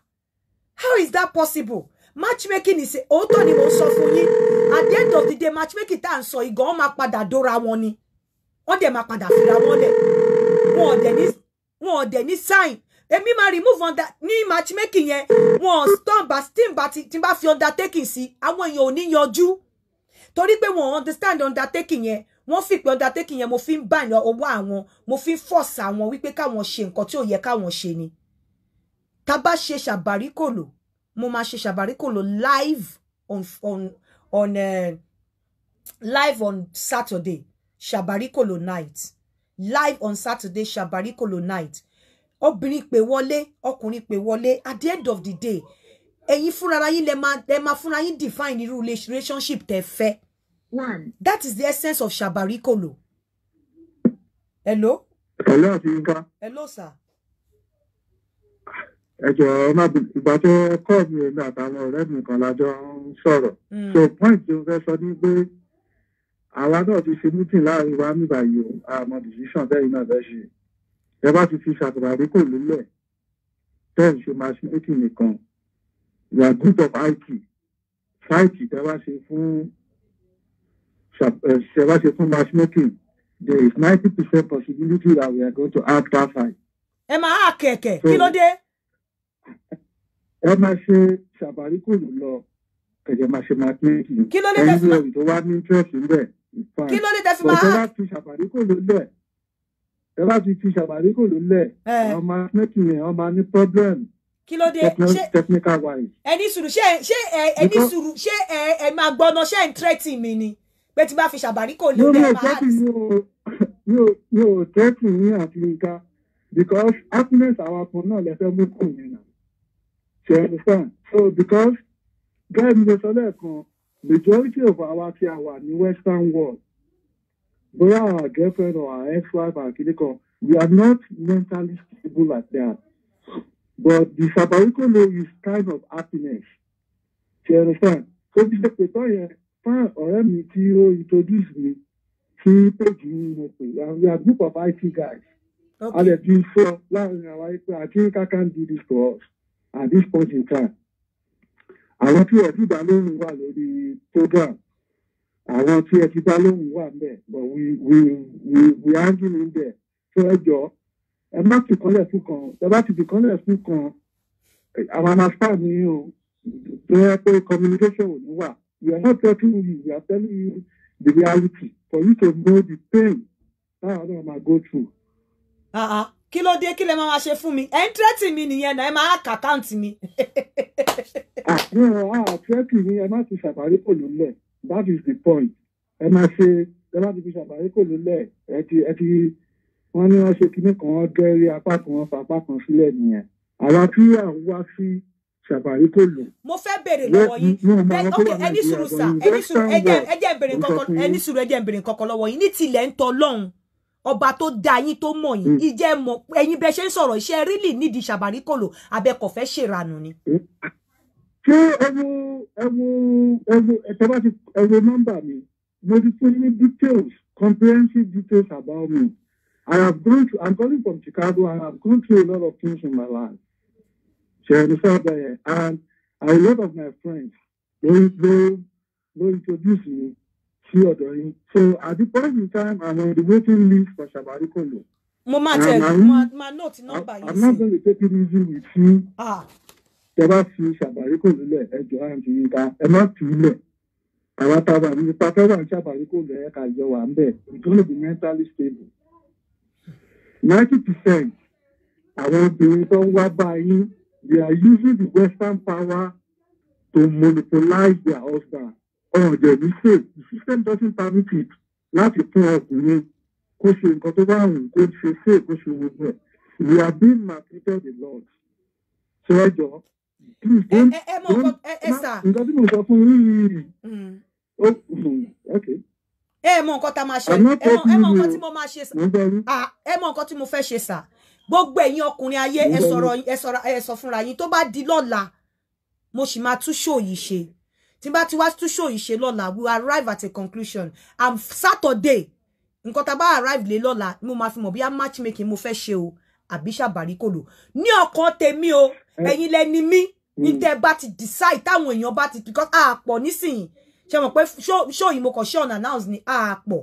how is that possible matchmaking is òótọ́ ni mo sọ fún yín at the end of the day matchmaking tá à ń sọ ìgàn wọn máa padà dóra wọn ni wọ́n dẹ̀ máa padà fira wọn lẹ̀ wọn ò ní sign èmi máa remove under ní matchmaking yẹn wọn stomba stimba tí bá fi undertaking sí àwọn èèyàn ò ní yanjú torí pé wọn understand undertaking yẹn wọn fi pé undertaking yẹn mo fi ń bá ní owó àwọn mo fi ń force àwọn wípé káwọn ṣe nǹkan tí ò yẹ káwọn ṣe ni tá bá ṣe ṣàbáríkòlò mo máa ṣe ṣàbáríkòlò live on on on uh, live on Saturday ṣàbáríkòlò night live on Saturday ṣàbáríkòlò night obìnrin pè wọlé ọkùnrin pè wọlé at the end of the day ẹ̀yin fúnra yín lẹ máa lẹ máa fúnra yín define irú relationship tẹ́ fẹ́. one that is the essence of shabari kolo. hello. hello àti hello sir. ẹ jọ̀ọ́ má ìgbà tó kọ́ mi èmi àtàwọn ọ̀rẹ́ mi kan lájọ ń sọ̀rọ̀. Hmm. so point tí mo fẹ́ sọ ni pé àwa náà ti ṣe meeting láàrin wa nígbà yìí àmọ́ decision bẹ́ẹ̀ náà bẹ́ẹ̀ ṣe ẹ bá ti fi ṣàtìwárí kò lélẹ̀ tẹ́ẹ̀ ṣe máa ṣe méjì nìkan ìyá group of it sáìtì tẹ́ bá ṣe fún ṣe bá ṣe fún matchmaking there is ninety percent possibility that we are going to add that fight. ẹ máa hà kẹ̀kẹ́ kí ló dé. ẹ máa ṣe ṣàbáríkòlù lọ kẹ̀jẹ̀ máa ṣe matchmaking. kí ló dé tẹ́sí máa kí ló dé tẹ́sí máa hà. ọ̀tọ́ bá fi ṣàbáríkòlù lẹ̀ ẹ bá ti fi ṣàmàríkò lólẹ̀ àwọn máa mẹ́tìrì yẹn wọ́n ní problem technical wise. ẹni sùúrù ṣe ṣe ẹni sùúrù ṣe ẹ ẹ máa gbọ́nà ṣe ń tẹ́tì mi ni pé tí bá fi ṣàbáríkò lólẹ̀ máa hàt. mi ò tẹ́tì ní àti because happiness our kan náà lè fẹ́ mú kù yẹn náà ṣe ẹ understand so because gẹ́gẹ́ bí mo sọ lẹ́ẹ̀kan majority of our ti a wà ní western world bóyá our girlfriend or our ex-wife and kìnìún we are not mentally stable like that but the sabariko law is kind of happiness Do you understand so this is the tán yẹn fún ọ̀rẹ́ mi tí ó introduce mi sí page mi we are group of IT guys a lè fi sọ láàrin àwa yìí pé do this for us at this point in time àwọn tí ọ̀dùn ìdálóhùn wà lórí program àwọn tí ẹ ti dá lóhùn wà ń bẹ̀ but we we we we argue in there so ẹ jọ ẹ má ti kọ́lẹ̀ fún kan ẹ bá ti fi kọ́lẹ̀ fún kan àwọn anaspa ni o tó yẹ pé communication ò ní wà we are not talking you we are telling you the reality for you to know the pain táwọn náà máa go through. Uh-uh kí ló dé kí lè máa ṣe fún mi ẹńtírẹ́tì mi nìyẹn náà ẹ máa hack account mi. àbúrò ah, àtúrẹ́tì ni ẹ má ti ṣàbárí pò lólẹ̀ that is the point ẹ máa ṣe ẹ bá ti fi ṣàbàyí kò lélẹ̀ ẹ ti ẹ ti wọ́n ní wọ́n ṣe kinní kan wọ́n gẹ́rí apá kan wọ́n fa apá kan sílẹ̀ nìyẹn àwa tí à ń wá sí ṣàbàyí kò lò. mo fẹ́ bèrè lọ́wọ́ yín ok ẹni sùúrù sà ẹni sùúrù ẹ jẹ́ bèrè kọ́kọ́ ẹni sùúrù ẹ jẹ́ bèrè kọ́kọ́ lọ́wọ́ yín ní tilẹ̀ ń tọ́ lọ́hùn ọba tó dá yín tó mọ̀ yín hmm. ìjẹ́ mọ̀ ẹ̀yin bẹ́ẹ̀ ṣe ń sọ̀rọ̀ iṣẹ́ rírì nídìí ṣàbàrí kò lò abẹ́kọ̀fẹ́ ṣèrànù ni. Hmm ṣé ẹwo ẹwo ẹwo ẹtọ bá ti ẹwo nọmba mi mo ti fún ní details comprehensive details about me i have gone through i'm calling from chicago and i have gone through a lot of things in my life ṣe ẹni sábà yẹn and a lot of my friends ló ló ló introduce me sí ọ̀dọ̀ yín so at the point in time i'm on the waiting list for sabari kolo. mo máa tẹ̀ ma ma note nọmba yìí sí. i'm not going to take it easy with you. Ah tẹ fi ṣàbáríkò lulẹ̀ ẹ jọ àǹtí ẹ má fi ilẹ̀ àwa táwa ní pàfẹ́ wà ní ṣàbáríkò lẹ̀ ká yọ wà ń bẹ̀ ìtọ́lẹ̀ bí mentally stable ninety percent àwọn obìnrin tó ń wá bá yín they are using the western power to monopolize their husband ọ̀dẹ̀ ní ṣe the system doesn't permit it láti fún ọkùnrin kó ṣe nǹkan tó bá wùn kó ṣe ṣe kó ṣe gbogbo ẹ̀ we are being maltreated a lot ṣé ẹ mọ ẹ sà. nǹkan tí mo sọ fún yín yìí ẹ mọ nǹkan tá a máa ṣe ẹ mọ nǹkan tí mo máa ṣe sà ẹ mọ nǹkan tí mo fẹ́ ṣe sà gbogbo ẹ̀yin ọkùnrin ayé ẹ sọ̀rọ̀ ẹ sọ̀rọ̀ sọ fúnra yín tó bá di lọ́la mo sì máa tún ṣó yìí ṣe tí bá ti wá tún ṣó yìí ṣe lọ́la we will arrive at a conclusion am Saturday nǹkan tá a bá arrive lé lọ́la mo máa fi mọ̀ bí a matchmaking mo fẹ́ ṣe o àbí ṣàbàríkòlò ní ọkàn tèmi o mm. ẹ̀yin lẹni mí ní mm. tẹ́ bá ti decide táwọn èèyàn bá ti because àpọ̀ nísìnyí ṣe mọ̀ pé show yìí mo kàn ṣe on announce ni àpọ̀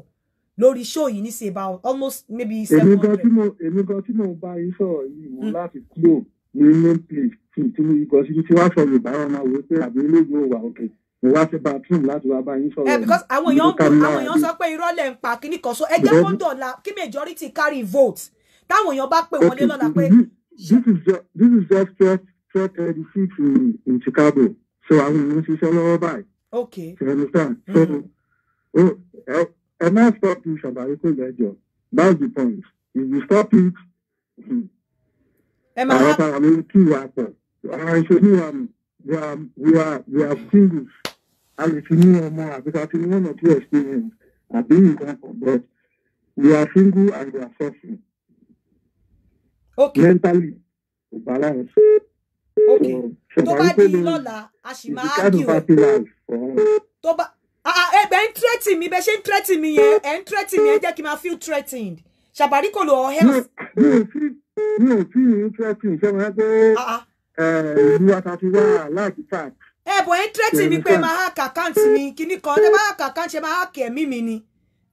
lórí show yìí ní ṣe about almost maybe seven hundred. èmi gan tí mo bá yín sọ̀rọ̀ yìí mo mm. láti kúrò ní main place tí mo gan sí tí wàá sọ yorùbá wọn máa pé àbí olóògbé ò wà òkè mo wá sí bathroom láti wá bá yín sọ̀rọ̀. ẹ eh, because àwọn èèyàn àwọn èèyàn sọ pé irọ́ lẹ̀ ń pa kíní kan so ẹ jẹ́ kó kí majority carry vote táwọn èèyàn bá pè wọ́n lé lọ́la pé. this is just this is just twelve twelve thirty six in in Chicago so àwọn èèyàn ń ṣiṣẹ́ lọ́wọ́ báyìí. okay you understand mm-hmm. so oh, eh, eh, ẹ má stop you ṣàbàrí kò lẹ́jọ́ that's the point if you stop it hmm, ẹ máa ha àwọn kí wa pọ̀ àwọn ìṣòro wa wa wa wa singles a lè fi ní ọmọ àbí ká fi ní one or two experience àbí nǹkan but we are single and we are suffering okay. mentally kò balance. Okay. tó bá di lọ́la a sì máa argue tó bá ah, ah, ẹgbẹ́ ń threaten mi bẹ́ẹ̀ ṣe ń threaten mi yẹn ẹ̀ ń threaten mi ẹ̀ jẹ́ kí n máa feel threatened ṣàbárí kò lò ọ health. mi ò fi mi ò fi threaten ṣé mo rẹ pé ah, ìlú àtàtì wà láti tap. ẹ bọ̀ ẹ̀ ń threaten mi pé máa hack account mi kíní kan ẹ bá hack account ṣe máa hack ẹ̀mí mi ni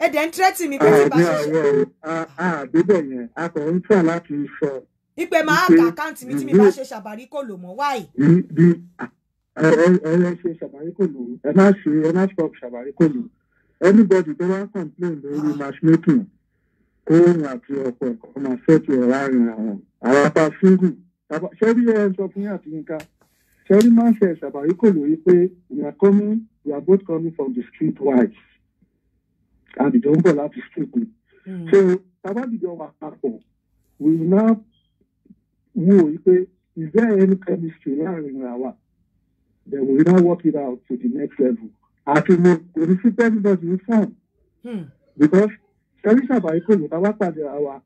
ẹ dẹ̀ ń tẹ́tì mi pé tí bá ṣiṣẹ́. Ah, àdébẹ̀ ah, ah, yẹn a kò ń tẹ̀ láti sọ. ipe máa ka àkáǹtì mi tí mi bá ṣe ṣàbárí kò lò mọ́ wáyé. ẹ ẹ ṣe ṣàbárí kò lò ẹ má ṣe ẹ má stop ṣàbárí kò lò anybody tó bá complain lórí matchmaking kó òun àti ọkọ ẹkọ máa ṣètò ẹ láàrin àwọn àwọn apá single ṣẹ́rí ẹ sọ fún yín àti yínká ṣẹ́rí máa ń ṣe ṣàbárí kò lò yí pé we are coming we are both coming from the street wise àdìjọ ń bọ̀ láti street ni hmm. so tabadìjọ wà papọ̀ we now know if there is there any chemistry láàrin àwa then we now work it out to the next level àti mo kò ní sí president ní form hmm. because ṣẹ́rí ṣàbáyé kò ní tabá pàdé àwa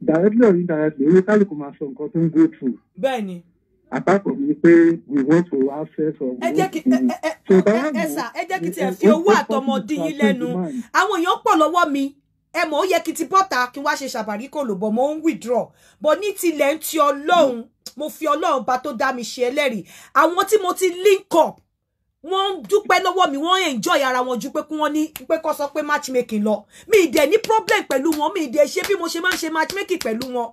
directly or indirectly orí kálukú máa sọ nǹkan tó ń go through. bẹ́ẹ̀ni apart from the pé we want to access of. ẹ jẹ́ kí ẹ ẹ ẹ sà ẹ jẹ́ kí tiẹ̀ fi owó àtọmọdé yín lẹ́nu àwọn èèyàn pọ̀ lọ́wọ́ mi ẹ mọ̀ ó yẹ kí ti bọ́ta kí wá ṣe ṣàbàrí kò lò bọ̀ mo ń withdraw bọ̀ ní tilẹ̀ ń ti ọlọ́run mo fi ọlọ́run ba tó dá mi ṣe ẹlẹ́rìí àwọn tí mo ti link up wọ́n ń dúpẹ́ lọ́wọ́ mi wọ́n enjoy ara wọn ju pé kí wọ́n ní pé kọ́ sọ pé matchmaking lọ mi dẹ̀ ní problem pẹ̀lú wọn mi dẹ̀ ṣe bí mo ṣe máa ń ṣe matchmaking pẹ̀lú wọn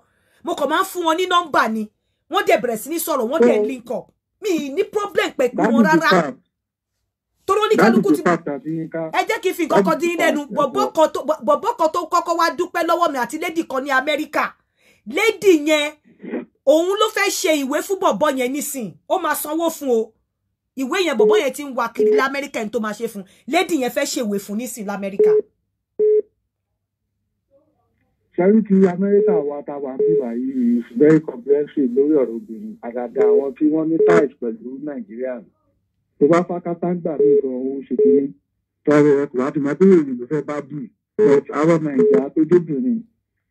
mo kàn máa ń fún wọn ní nọ́mbà ni wọ́n dẹ̀ bẹ̀rẹ̀ sí ní sọ̀rọ̀ wọ́n dẹ̀ oh. link up mi ní problem pẹ̀lú wọn rara. toro ní kálukú ti mọ̀ ẹ jẹ́ kí n fi nǹkan kan dín Bobo bọ̀bọ̀ kan tó Koko wá dúpẹ́ lọ́wọ́ mi àti lady kan ní Amẹ́ríkà lady yẹn òun ló fẹ́ ṣe ìwé fún bọ̀bọ̀ yẹn nísìn ó máa sanwó fún o ìwé yẹn bọ̀bọ̀ yẹn ti ń wá kiri America ẹni tó máa ṣe fún lady yẹn fẹ́ ṣèwé fún la America ṣáájú ti amẹ́ríkà wa ta wà nígbà yìí is very comprehensive lórí ọ̀rọ̀ obìnrin àgàdà àwọn tí wọ́n ní ties pẹ̀lú nàìjíríà tó bá fákátá ń gbà mí gan ó ṣe kiri tọrọ ọkọ̀ àti màbíyè òyìnbó fẹ́ bá bù but our naija tó débìnrin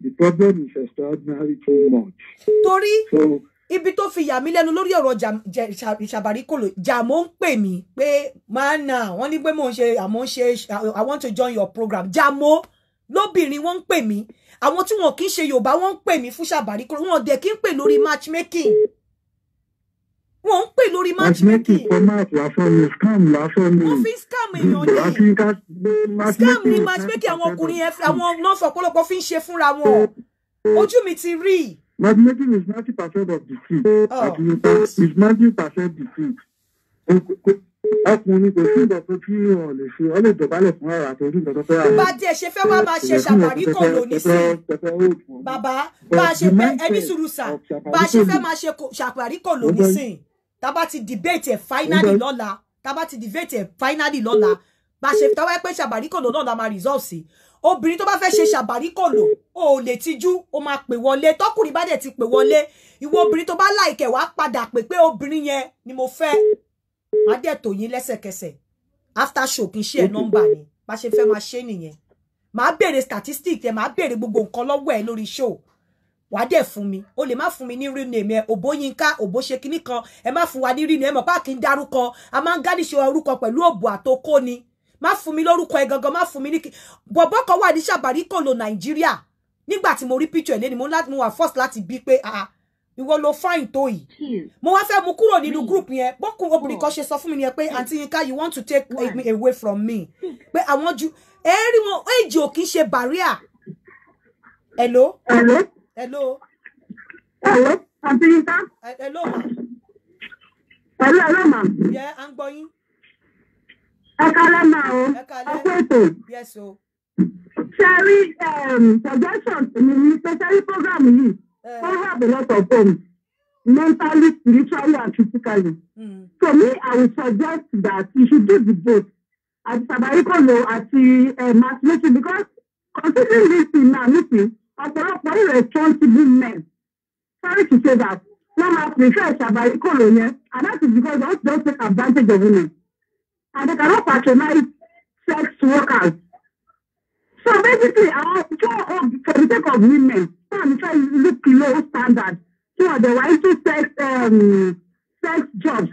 the problem is extraordinary too much. torí ibi tó fi yà mí lẹ́nu lórí ọ̀rọ̀ ìṣàbàríkòlò jàmó ń pè mí pé máa nà ah, wọ́n ní pé mò ń ṣe àmọ́ ń ṣe I want to join your program jàmó lóbìnrin wọ́n ń pè mí àwọn tí wọn kì í ṣe yorùbá wọ́n ń pè mí fún ṣàbàrí kúrò wọn dẹ̀ kì í pè lórí matchmaking wọn ń pè lórí matchmaking. matchmaking format lásán ni scam lásán ni. wọ́n fi scam èèyàn ní. àfihàn gbé matchmaking. scam ni matchmaking àwọn ọkùnrin yẹn àwọn náà fọpọlọpọ fi ń ṣe fúnra wọn eh. ojú mi ti rí. matchmaking is ninety percent of the fee. Oh. is ninety percent the fee ọkùnrin kò sí ìbọn tó tí ò lè ṣe ọ lè dọ̀bálẹ̀ fún ara àti orí nǹkan tó fẹ́ ra. bá tiẹ̀ ṣe fẹ́ wá máa ṣe ṣàbárí kan lónìí sí bàbá bá a ṣe fẹ́ ẹni sùúrù sà bá a ṣe fẹ́ máa ṣe ṣàbárí kan lónìí sí tábà ti debate ẹ̀ finally lọ́la tábà ti debate ẹ̀ finally lọ́la bá a ṣe táwa pé ṣàbárí kan lónìí la máa resolve sí obìnrin tó bá fẹ́ ṣe ṣàbárí kan lò ó lè tijú ó máa pè wọlé tọkùnrin bá dẹ̀ ti pè wọlé ìwọ obìnrin tó bá láìkẹ̀ wá padà pé pé obìnrin yẹn ni mo fẹ́ màá dẹ̀ tò yín lẹ́sẹ̀kẹsẹ̀ after show kì í ṣe ẹ̀ nọ́mbà ni bá ṣe fẹ́ máa ṣe nìyẹn màá béèrè statistic yẹn màá béèrè gbogbo nǹkan lọ́wọ́ ẹ̀ lórí show wà á dẹ̀ fún mi o lè má fún mi ní real name ẹ òbó yínká òbó ṣe kan ẹ má fún wa ní real name ẹ mọ̀ pá kí n dárúkọ a máa ń gádìṣe orúkọ pẹ̀lú òbò àtokó ni má fún mi lórúkọ ẹ gangan má fún mi ní kí bọ̀bọ́ kan wà ní ṣàbárí kòlò nàìjíríà nígbà tí mo rí picture ẹ̀ lẹ́ni mo wà first láti bí pé ah, ah ìwọ ló fáìn tó yìí hmm. mo wá fẹ́ mú kúrò nínú hmm. group yẹn bọ́kùn obìnrin kan hmm. ṣe sọ fún mi nìyẹn pé àǹtí Yinka you want to take me away from me pé I want you. Everyone, èjì ò kì í barrier hello hello hello àǹtí Yinka hello ma hello hello ma Yeah, à ń gbọ́ yín ẹ kálẹ́ ma o ẹ kú ètò yes o ṣe um, suggestion mi ní pé program yìí. I eh. have a lot of them mentally, spiritually, and physically. Mm. So me, I would suggest that you should do the both at Sabarikolo àti uh, eh, matchmaking because considering this thing now, nísìn very responsible men sorry to say that wọ́n máa prefer Sabarikolo yẹn and that is because they don't take advantage of women and they cannot patronize sex workers. So basically, our job for the sake of women. I'm trying look low standard. So uh, they were into sex, um, sex jobs.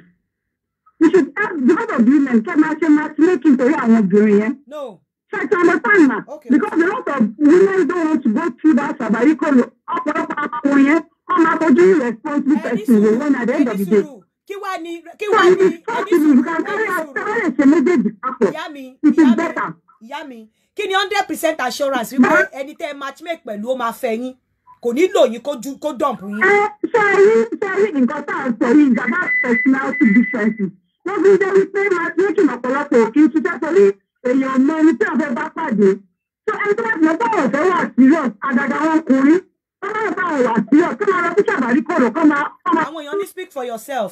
You should help the lot of women come out and matchmaking to your No. Try to understand ma. Okay. Because a lot of women don't want to go through that sabbatical. Ọ̀pọ̀lọpọ̀ àwọn yẹn, wọ́n máa fojú irresponsible person wò wọ́n at the end of the day. Kí wá ni kí wá ni ẹni sùúrù ẹni sùúrù ìyá mi ìyá mi ìyá mi kí ni hundred percent assurance wípé ẹni tẹ́ matchmake pẹ̀lú ó máa fẹ́ yín kò nílò yín kó dọ̀m̀pù yín. ẹ sẹ́rí sẹ́rí nǹkan tá à sọ yìí gàdá personality differences wọ́n fi jẹ́ wípé matchmaking ọ̀pọ̀lọpọ̀ òkè ṣiṣẹ́ torí èèyàn mọ ẹni tí ọ̀fẹ́ bá pàdé tó ẹni tó bá ti lọ bá ọ̀fẹ́ wà serious àgàgà wọn kùnrin àwọn èèyàn ní speak for yourself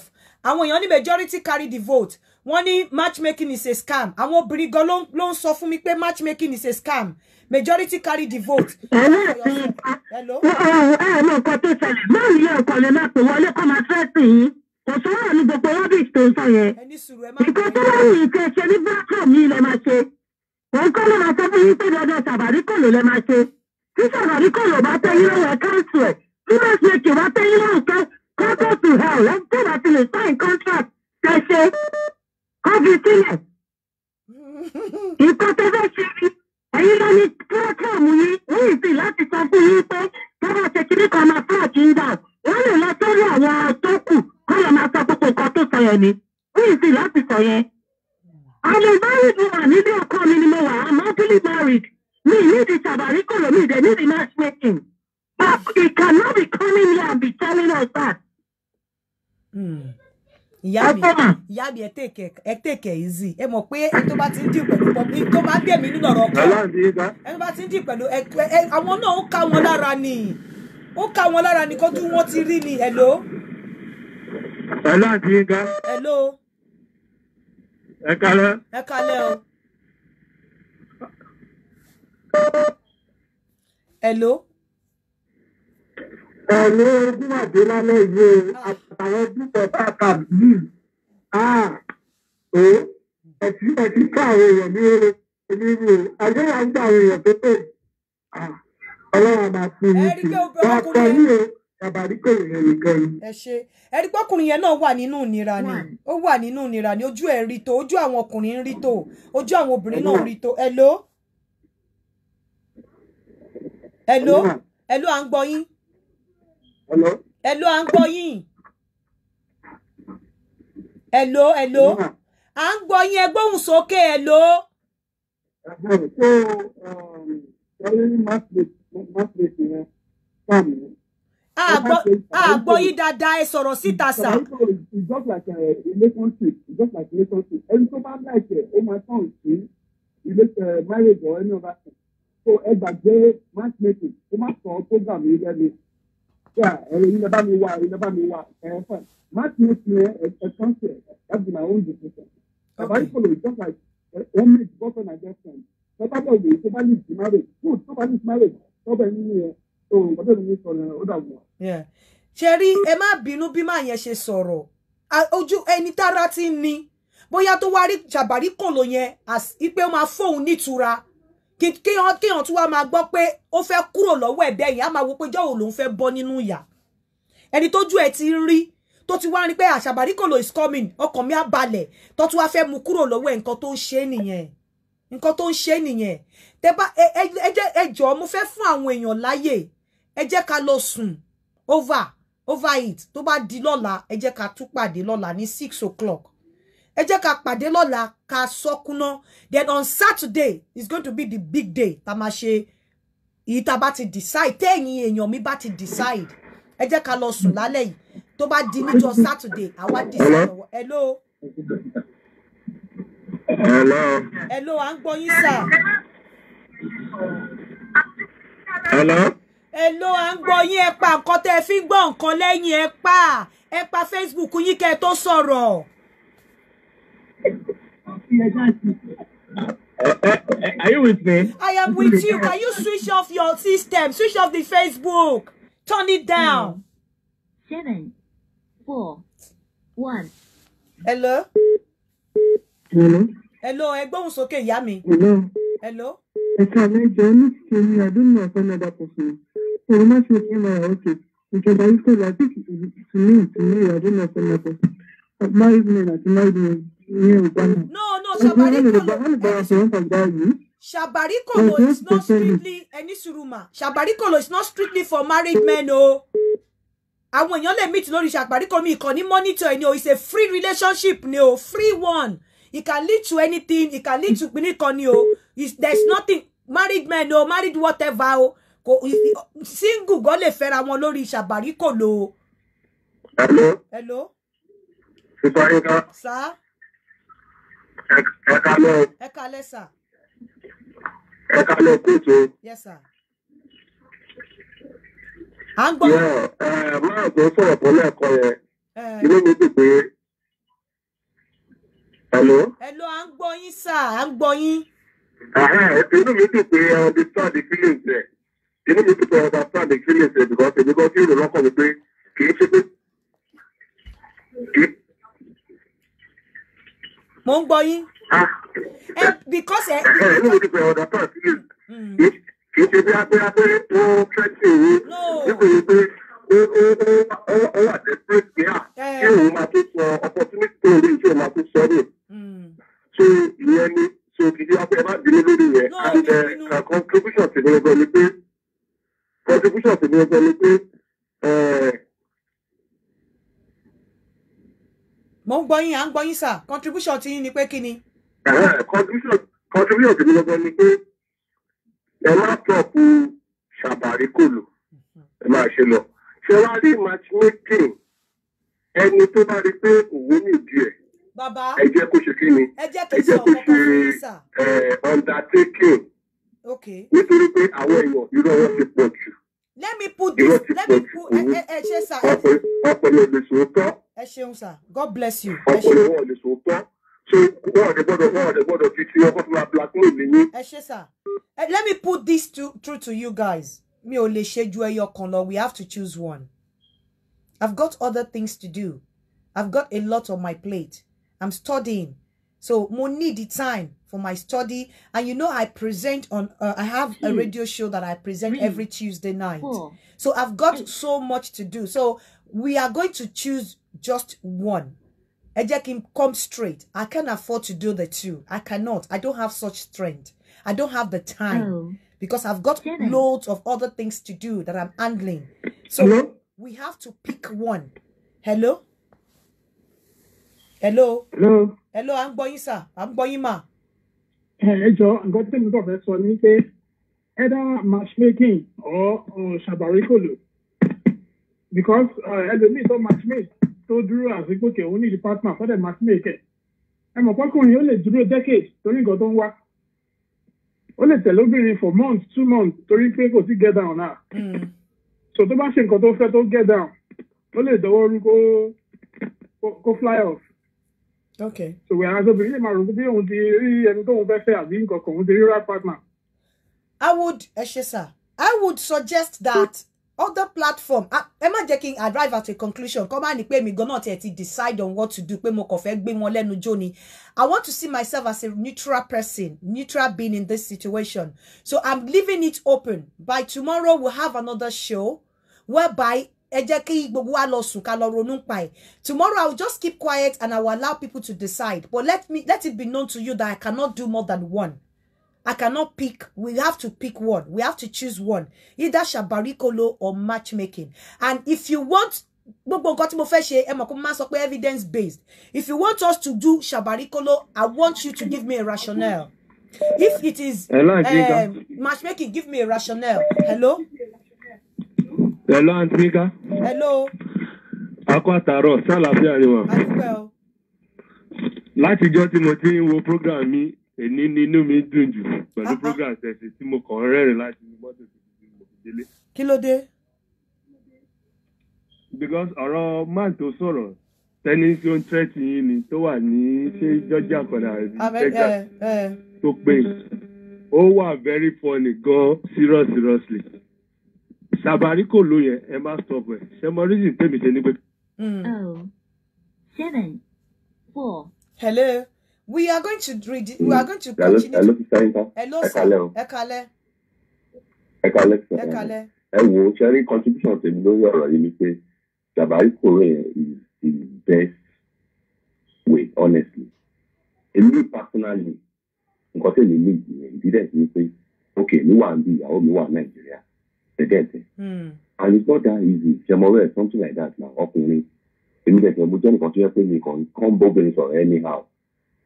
àwọn èèyàn ní majority carry the vote wọ́n ní matchmaking is a scam àwọn obìnrin gan ló ń sọ fún mi pé matchmaking is a scam majority carry the vote. Ah, hello. ẹ ah, mọ ah. nǹkan tó ṣẹlẹ̀ mẹ́rin yẹn ọkọ̀ lè máa pè wọlé kọ́ máa fẹ́ sí i kò sọ́wọ́ ní gbogbo rubbish tó ń sọ yẹn. ìkọ́ tó wà ní ìkẹ́ ṣe ní bákan mi lè máa ṣe òun kọ́ ló máa sọ fún yín pé dandan sàbàrí kò lè máa ṣe tí sàbàrí kò lè bá tẹ́ yín lọ́wọ́ káńsù ẹ̀ tí bá ṣe kì bá tẹ́ yín lọ́wọ́ káńsù hell ẹ̀ tí bá ti lè sign contract tẹ̀kẹ̀ easy ẹ mọ̀ pé ẹni tó bá ti ń dì pẹ̀lú public tó máa ń bẹ̀ mí nínú ọ̀rọ̀ ọkọ ẹni bá ti ń dì pẹ̀lú àwọn náà ó ká wọn lára ni ó ká wọn lára ni kójú wọn ti rí ni hello. hello àti yínká. hello. ẹ kalẹ́. ẹ kalẹ́ o. hello ẹ̀rọ ogún àdé lálẹ́ yìí àtàwọn ojúbọ bá kà bíi o ẹtì ẹtì ká àwọn èèyàn ní onírú o àgbẹ̀yà ń gbà àwọn èèyàn tó pè ọlọ́run àmà fún mi sí wà á ní o ẹ ṣe ẹrí pọkùnrin yẹn náà wà nínú ìnira ni ó wà nínú ìnira ni ojú ẹ̀ rí tó ojú àwọn ọkùnrin rí tó ojú àwọn obìnrin náà rí tó à ń gbọ́ yín ẹ sókè ẹ lò. àgbọ̀ yín dáadáa ẹ sọ̀rọ̀ síta sà. it's just like a relationship it's just like a relationship ẹni tó bá láìpẹ́ ó máa tán sí marriage or any other thing so ẹ gbàgbé matchmaking ó má program yìí lẹ́nu ilé bá mi wá ilé bá mi wá ẹ̀ fẹ́ matchmaking ẹ̀ ẹ̀ kàn sí ẹ̀ that's my own decision bàbá ìfọlọ ìjọba one minute girlfriend and girlfriend tó bá bọ̀ yìí tó bá lè di marriage good tó bá lè di marriage tó bẹ̀ nínú yẹn tó gbọ́dọ̀ mi sọ̀rọ̀ ó dà wọ̀. ṣe rí ẹ má bínú bí màá yẹn ṣe sọ̀rọ̀ ojú ẹni tára ti ń ni bóyá tó wá rí jàbárí kòlò yẹn pé ó máa fóun nítura kéèyàn kéèyàn tún wá máa gbọ́ pé ó fẹ́ kúrò lọ́wọ́ ẹ̀ bẹ́ẹ̀ á máa wo pé jọ́wọ́ lòun fẹ́ bọ́ nínú ìyà ẹni tójú ẹ̀ ti ń rí tó ti wá rí pé àṣàbàríkòlò is coming ọkàn mi á balẹ̀ tó ti wá fẹ́ mu kúrò lọ́wọ́ ẹ̀ nǹkan tó ń ṣe nìyẹn nǹkan tó ń ṣe nìyẹn tẹ bá ẹ jọ̀ọ́ mo fẹ́ fún àwọn èèyàn láyè ẹ jẹ́ ká lọ sùn over over it tó bá di lọ́la ẹ jẹ́ ká tún pàdé lọ́la ní six o'clock ẹ jẹ́ ká pàdé lọ́la ká sọkúná then on Saturday is going to be the big day tá máa ṣe èyí bá ti decide téèyàn èèyàn mi bá ti decide ẹ jẹ́ ká lọ sùn lálẹ́ yìí tó bá di níjọ́ Saturday àwa di sọ̀rọ̀ hello. hello. hello à ń gbọ́ yín sà. hello. hello à ń gbọ́ yín ẹ pa nǹkan tẹ́ ẹ fi ń gbọ́ nǹkan lẹ́yìn ẹ pa ẹ pa Facebook yín kẹ́ ẹ tó sọ̀rọ̀. Are you with me? I am with you. Can you switch off your system? Switch off the Facebook. Turn it down. Hmm. Seven four one. hello. hello. hello ẹgbóhùn sókè ìyá mi. hello. hello. ẹ̀ka àlejò oníṣẹ́ ní ọdún náà fẹ́ẹ́ lọ́dà pọ̀ fún mi òun má ṣe kí n máa ọ̀kẹ́ ìjọba yìí kò láti ìtùnú ìtùnú ìyàdún náà fẹ́ẹ́ lọ́dà pọ̀ fún mi married men àti married men ní ọgbà náà. no no sabari kò lọ Shabarikolo is not strictly any suruma. Shabarikolo is not strictly for married men o. No àwọn èèyàn lè meet lórí ṣàparíkomi ìkànnì monitor ẹni o it's a free relationship ni o free one it can lead to anything it can lead to gbinni kan ni o there's nothing married men o married whatever o kò single gan lè fẹ́ra wọn lórí ṣàparíkòlò o. hello. hello. ṣùgbọ́n yín náà. sá. ẹ kalẹ́. ẹ kalẹ́ sà. ẹ kalẹ́ kóòtù. yes sir à ń gbọ́. Eh, máa tó sọ̀rọ̀ tó lẹ́ẹ̀kan yẹn eh. inú mi dùn pé. Hello. Hello, à ń gbọ́ yín sà, à ń gbọ́ yín. Inú mi dùn pé ọdún sáà di feelings rẹ̀. Inú mi dùn pé ọdún sáà di feelings rẹ̀ because èmi kan fíìlì ń gbọ́ yín. Ah. Eh, pé ọdún sáà kì í ṣe bí tó kẹ́sì yìí nígbà yìí pé ó wà ní bíríkìá kí eh. òun máa tó sọ opportunity tó rí iṣẹ́ máa tó sọ rè. Hmm. ṣé ìyẹn ni ṣé kì í má délé lórí yẹn and eh, contribution ti ní ẹgbẹ́ ni pé contribution ti ní ẹgbẹ́ ni pé. Eh, mo ń gbọ́ yín à ń gbọ́ yín sà contribution ti yín ni pé kí ni. contribution ti ní ẹgbẹ́ ni pé ẹ láptọ̀pù ṣàbàrí kò lò ẹ máa ṣe lọ ṣe wá rí matchmaking ẹni tó bá rí pé òwò mi díẹ̀ ẹ jẹ́ kó ṣe kí ni ẹ jẹ́ kó ṣe undertaking nítorí pé àwọn èèyàn irọ́ wọn ti pọ̀ jù let me put this let me put ẹ ẹ ṣe sá. ọpọlọ lè sòótọ́. ẹ ṣeun sá god bless you. ọpọlọ wọn lè sòótọ́. Eh, let me put this to, through to you guys mi ò lè ṣe ju we have to choose one I've got other things to do I've got a lot on my plate I'm studying so mo need the time for my study and you know I present on uh, I have a hmm. radio show that I present every Tuesday night so I've got hmm. so much to do so we are going to choose just one ẹ jẹ́ come straight i can't afford to do the two i cannot i don't have such strength i don't have the time oh. because i've got Kidding. loads of other things to do that i'm handling so hello? we have to pick one hello hello hello hello I'm Boyisa. I'm Boyima. Hey, yín I'm going to mo kàn fẹ́ sọ ni pé either matchmaking or ṣàbàrí kò lò because uh, ẹlòmíì tó me. tó dúró àfikúnkẹ̀ òun nídìí partner fọ́dẹ̀ matchmaker ẹ mọ̀ pọ́kùnrin ó lè dúró decade torí nǹkan tó ń wá ó lè tẹ̀lé obìnrin for months two months torí pé kò sí get down náà hmm. so tó bá ṣe nǹkan tó fẹ́ tó get down ó lè dọwọ́ rú kó kó fly off. Okay. so whereas obìnrin lè máa rò pé òun ti rí ẹni tóun fẹ́ fẹ́ àbí nǹkan kan òun ti rí right partner. I would ẹ ṣe sir I would suggest that other platform ah, ẹ má jẹ́ kí n arrive at a conclusion kọ́ máa ní pé mi gan-an tiẹ̀ ti decide on what to do pé mo kàn fẹ́ gbé wọn lẹ́nu jó ni I want to see myself as a neutral person neutral being in this situation so I'm leaving it open by tomorrow we'll have another show whereby ẹ jẹ́ kí gbogbo wa lọ sùn ká lọ ronú pa ẹ̀ tomorrow i will just keep quiet and i will allow people to decide but let me let it be known to you that i cannot do more than one I cannot pick. We have to pick one. We have to choose one. Either shabarikolo or matchmaking. And if you want gbogbo nǹkan tí mo fẹ́ ṣe evidence based if you want us to do shabarikolo i want you to give me a rationale if it is um, matchmaking give me a rationale hello. hello aunty hello. akọ àtàrọ sálàáfíà ni wọn. àdúgbò. látijọ́ tí mo ti program me èní ni inú mi dùn jù pẹ̀lú program ṣẹ̀ṣì tí mo kàn rẹ́rìn láti inú mọ́tò tí mo fi délé. kí ló dé. because ọ̀rọ̀ man tó sọ̀rọ̀ tẹ́ni tí ó ń tẹ́tì yín ni tó wà ní ṣé mm. georgia kọ̀dà texas tó pé ó wà very funny gan serious seriously sàbárí kò ló yẹn ẹ má stop ẹ ṣe mo reason tèmi ṣe ní pé. Mm. oh seven four. hello we are going to read it. we are going to continue. hello hello hello sir ẹ kalẹ. ẹ kalẹ sir ẹ kalẹ. ẹ wo sẹ́rí contribution tèmi lórí ọ̀rọ̀ yìí ni pé Gàbárí Kòró yẹn is the best way honestly èmi personally nǹkan tẹ̀lé mi ìyẹn ìdílé ti ní pé ok mi wà níbi ìyàwó mi wà Nàìjíríà tẹ̀tẹ̀tẹ̀ hmm. and it's not that easy ṣẹmọrẹ something like that na ọkùnrin èmi tẹ̀tẹ̀ mo jẹ́ nìkan tó yẹ pé mi kàn kàn bóbìnrin sọ̀rọ̀ anyhow.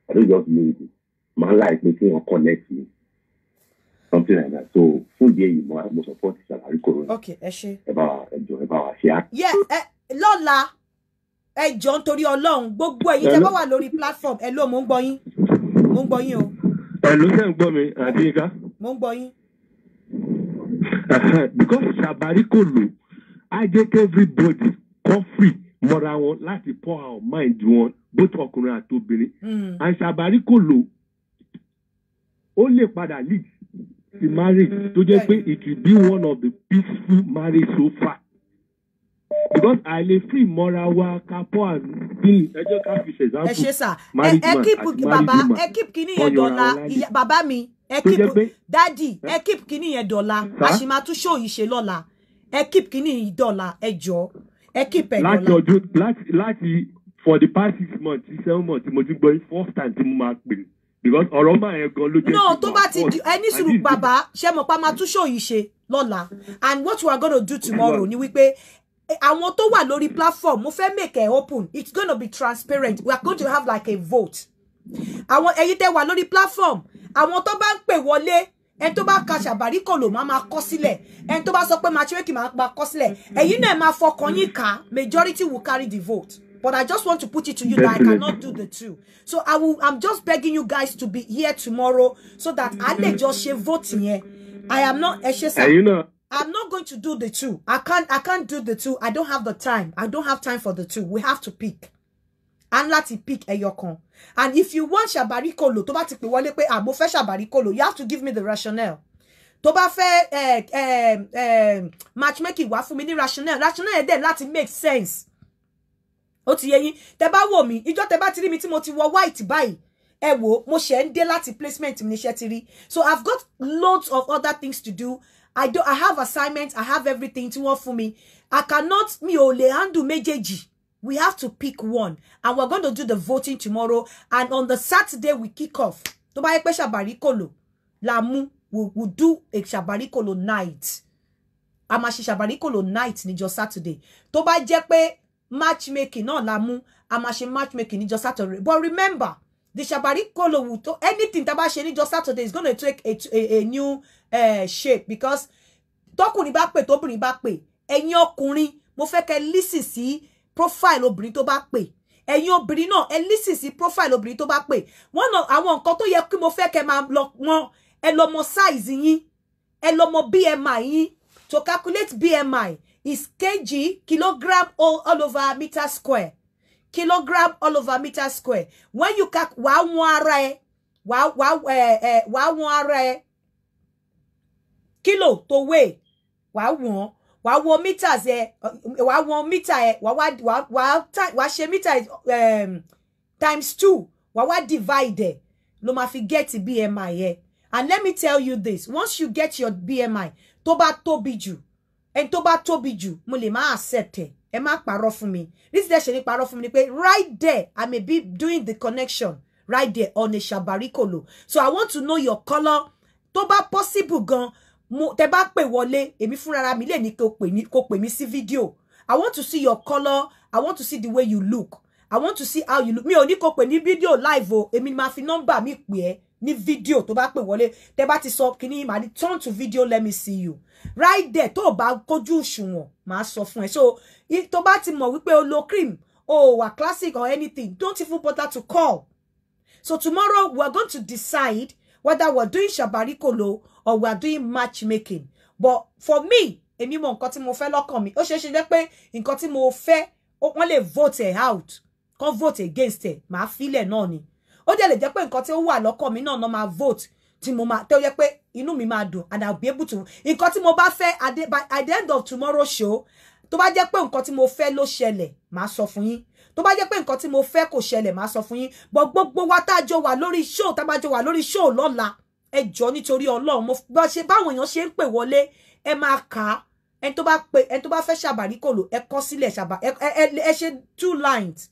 I don't just mean it. My life making a connect me. Something like that. So full day you mo most support Ṣàlàrí Corona. Okay, ẹ ṣe. Ẹ bá wa ẹjọ ẹ bá wa ṣe á. Yẹ ẹ lọ́la ẹ jọ nítorí Ọlọ́run gbogbo ẹ̀yin tẹ́ bá wà lórí platform ẹ ló mò ń gbọ́ yín mò ń gbọ́ yín o. Ẹ ló ń gbọ́ mi Adéyínká. Mò ń gbọ́ yín. Because Ṣàbárí kò lò, I get everybody free. mọ́ra wọn láti pour our mind wọn bótó ọkùnrin àti obìnrin hmm. àìsàn àbárí kò lò ó lè padà lead The marriage tó jẹ́ hmm. pé it will be one of the peaceful marriage so far because àìlè free mọ́ra wa kápọ́ àbílì ẹjọ́ ká fi ṣe example marriage man àti marriage woman ẹ keep kínní yẹn dọ́là bàbá mi ẹ keep dádì ẹ keep kínní yẹn dọ́là àṣìmàtún ṣó yìí ṣe lọ́la ẹ keep kínní yìí dọ́là ẹ jọ ẹ keep ẹ dọ́là. láti ọjọ́ láti láti for the past six months seven months mo ti gbọ́ first time tí mo máa pè é because ọ̀rọ̀ máa yẹn gan ló jẹ́ no tó bá ti di ẹni sùúrù bàbá ṣe mọ̀ pa máa tún ṣó yìí ṣe lọ́la and what we are gonna do tomorrow ni wípé eh, àwọn tó wà lórí platform mo fẹ́ make it open it's gonna be transparent we are going to have like a vote àwọn ẹ̀yin tẹ́ wà lórí platform àwọn tó bá ń pè wọlé ẹni tó bá ka ṣàbárí kò lò máa máa kọ sílẹ̀ ẹni tó bá sọ pé màá ṣe wékì máa kọ sílẹ̀ ẹ̀yin náà máa fọkàn yín kà majority will carry the vote. But I just want to put it to you that I cannot do the two. So I will I'm just begging you guys to be here tomorrow so that I let just share voting here. I am not Eshesa. You know. I'm not going to do the two. I can't I can't do the two. I don't have the time. I don't have time for the two. We have to pick. and let it pick ẹyọ kan and if you want Shabari tó to ti pè wọlé pé àmọ́ fẹ́ ṣàbáríkòlò you have to give me the rationale Toba fe fẹ́ eh, eh, eh, matchmaking wá fún mi ní rationale rationale then that it makes sense ó ti yé yín tẹ bá wò mí ìjọ tẹ ti rí mi tí mo ti wọ white báyìí ẹ wò ó mo ṣe ń dé placement mi níṣẹ́ ti rí so I've got loads of other things to do I do I have assignments I have everything to work for me. I cannot mi ò lè handle méjèèjì we have to pick one and we're going to do the voting tomorrow and on the Saturday we kick off tó bá yẹ pé ṣàbàríkòlò la mú we will do a ṣàbàríkòlò night a máa ṣe ṣàbàríkòlò night níjọ́ Saturday tó bá jẹ́ pé matchmaking náà la mú a máa ṣe matchmaking níjọ́ saturday but remember the shabari kolowu to anything tá a bá ṣe níjọ́ saturday is gonna take a, a, a new uh, shape because tọkùnrin bá pè tóbìnrin bá pè ẹ̀yin ọkùnrin mo fẹ́ kẹ́ lísì sí profile obìnrin tó bá pè ẹ̀yin obìnrin náà ẹ lísì sí profile obìnrin tó bá pè wọ́n náà àwọn nǹkan tó yẹ kí mo fẹ́ kẹ́ máa lọ wọn ẹ lọ size yín ẹ lọ BMI yín to calculate BMI is kg kilogram all, all over meter square kilogram all over meter square when you calc wàá wọ̀n ara ẹ wàá wàá kilo to weigh wàá wọ̀n wàá wọ̀n meters eh, wàá wọ̀n meter ẹ wàá wá wàá wàá she meter um times 2 wàá wá divide ẹ ló máa fi get BMI eh. and let me tell you this once you get your BMI tó bá tóbi jù ẹni tó bá tóbi jù mo lè máa accept ẹ ẹ má parọ́ fún mi this day ṣe ní parọ́ fún mi ni pé right there I may be doing the connection right there on shabari kolo so I want to know your colour tó bá possible gan mo tẹ bá pè wọlé èmi fúnra mi lè ní kó pè mí sí fídíò I want to see your colour I want to see the way you look I want to see how you look mi ò ní kó pè ní fídíò live o èmi máa fi nọ́mbà mi pè ẹ́ ní video, to bá pè wọlé tẹ bá ti sọ kíní màá ní turn to video let me see you right there To o bá kójú òṣùwọ̀n màá sọ fún so tó bá ti mọ̀ wípé o lo cream o oh, classic or anything don't even bother to call so tomorrow we are going to decide whether we are doing kolo or we are doing matchmaking but for me emi mo nǹkan tí mo fe lọ́kàn mi ó ṣeé ṣe jẹ́ pé nǹkan tí mo fe. wọ́n lè vote out kan vote against ẹ̀ màá filẹ̀ náà ni ó dẹ̀ lè jẹ́ pé nǹkan tí ó wà lọ́kàn mi náà náà máa vote tí mo máa tẹ́ ó yẹ pé inú mi máa dùn and I'll be able to nǹkan tí mo bá fẹ́ at the end of tomorrow show tó bá jẹ́ pé nǹkan tí mo fẹ́ ló ṣẹlẹ̀ màá sọ fún yín tó bá jẹ́ pé nǹkan tí mo fẹ́ kò ṣẹlẹ̀ màá sọ fún yín bọ́ gbogbo wa tá a jọ wà lórí show tá a bá jọ wà lórí show lọ́la ẹ jọ nítorí ọlọ́run mo bá ṣe báwọn èèyàn ṣe ń pè wọlé ẹ máa kà á ẹni tó bá pè ẹni tó bá fẹ́ ṣàbàrí kòlò ẹ kọ sílẹ̀ ṣàbà ẹ ṣe two lines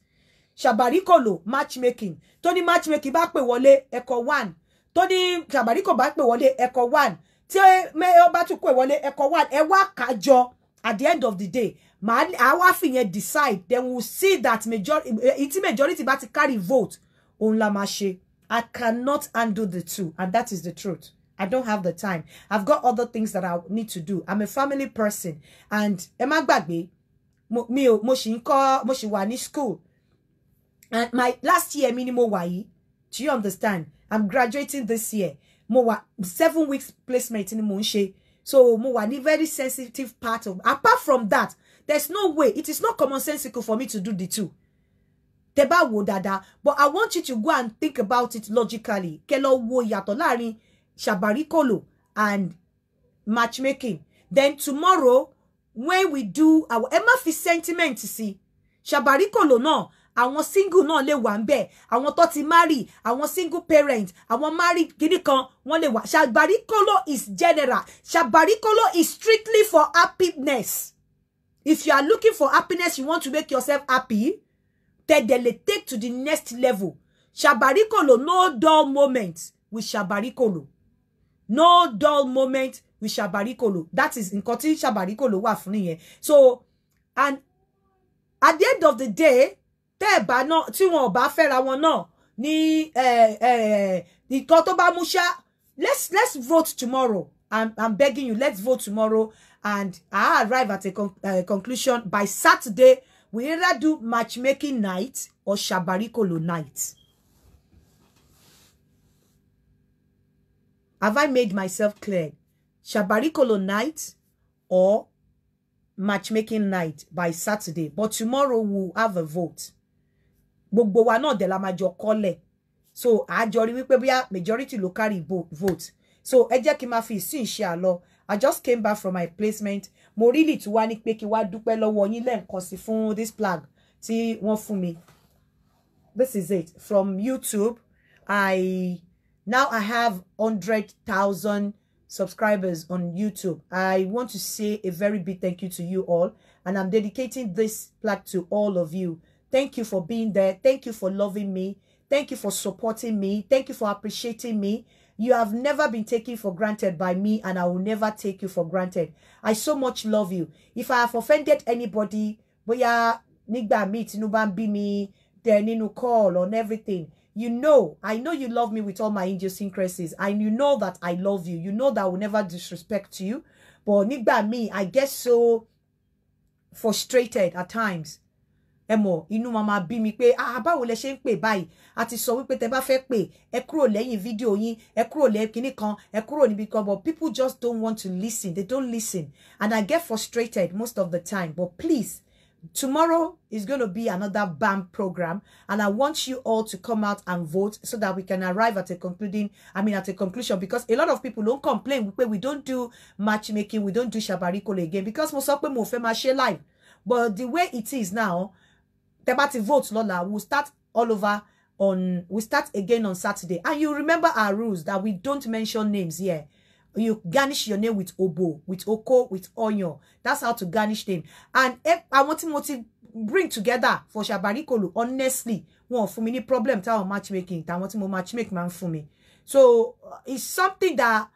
ṣàbáríkòlò matchmaking tó ní matchmaking bá pè wọlé ẹ̀kọ́ one tó ní ṣàbáríkò bá pè wọlé ẹ̀kọ́ one tí ó bá tún pè wọlé ẹ̀kọ́ one ẹ wá kájọ at the end of the day màá àwa fìyẹn decide then we we'll see that majority ìtí majority bá ti carry vote òun la máa ṣe I cannot handle the two and that is the truth I don't have the time I've got other things that I need to do I'm a family person and ẹ má gbàgbé mo mi ò mo sì ń kọ́ mo sì wà ní school and my last year minimum why? do you understand i'm graduating this year mo seven weeks placement in mo so mo wà very sensitive part of apart from that there's no way it is not commonsensical for me to do the two Teba bá wò but i want you to go and think about it logically Kelo lọ wo ìyàtọ̀ láàrin ṣàbáríkòlò and matchmaking then tomorrow when we do our ẹ má fi sentiment sí ṣàbáríkòlò náà àwọn single náà lè wà ń bẹ̀ àwọn tó ti marry àwọn single parent àwọn married gidi kan wọ́n lè wà ṣàgbáríkọ́lọ́ is general ṣàgbáríkọ́lọ́ is strictly for happiness if you are looking for happiness you want to make yourself happy tẹ̀dẹ̀ lè take to the next level ṣàgbáríkọ́lọ́ no dull moment with ṣàgbáríkọ́lọ́ no dull moment with ṣàgbáríkọ́lọ́ that is nǹkan tí ṣàgbáríkọ́lọ́ wà fún nìyẹn so and at the end of the day tẹ́ ẹ̀ bá náà tí wọn ò bá fẹ́ra wọn náà ní nǹkan tó bá mú ṣá let's let's vote tomorrow I'm, I'm begging you let's vote tomorrow and I arrive at a con uh, conclusion by Saturday we either do matchmaking night or shabarikolo night. Have I made myself clear? Shabarikolo night or matchmaking night by Saturday. But tomorrow we'll have a vote gbogbo wa náà dẹ̀ la máa jọ kọ́lẹ̀ so àjọ rí wípé bóyá majority ló carry vote so ẹ jẹ́ kí n máa fi ìsìn ṣe àlọ́ I just came back from my placement mo really tún wá ní pé kí wá dúpẹ́ lọ́wọ́ yín lẹ́ǹkan sí fún this plug tí wọ́n fún mi this is it from YouTube I now I have hundred thousand subscribers on YouTube I want to say a very big thank you to you all and I'm dedicating this plug to all of you Thank you for being there. Thank you for loving me. Thank you for supporting me. Thank you for appreciating me. You have never been taken for granted by me, and I will never take you for granted. I so much love you. If I have offended anybody, but yeah, míì me, bá me, bí there call on everything, you know, I know you love me with all my idiosyncrasies, and you know that I love you. You know that I will never disrespect you. But nígbà me, I get so frustrated at times ẹ mọ̀ inú máa máa bí mi pé ah báwo lẹ ṣe ń pè báyìí a ti sọ wípé tẹ bá fẹ́ pè ẹ kúrò lẹ́yìn fídíò yín ẹ kúrò lẹ́yìn kinní kan ẹ kúrò níbi kan but people just don't want to listen they don't listen and I get frustrated most of the time but please tomorrow is going to be another BAM program and I want you all to come out and vote so that we can arrive at a concluding I mean at a conclusion because a lot of people don't complain wípé we don't do matchmaking we don't do shabari shabarikolo again because mo sọ pé mo fẹ́ máa ṣe live but the way it is now tẹ́ bá ti vote lọ́la we start all over on we start again on Saturday and you remember our rules that we don't mention names here you garnish your name with obo with oko with oyan that's how to garnish name and àwọn tí mo to bring together for Shabarikolo honestly One for me, mi ní problem táwọn matchmaking táwọn want mo matchmake máa ń fún mi so uh, it's something that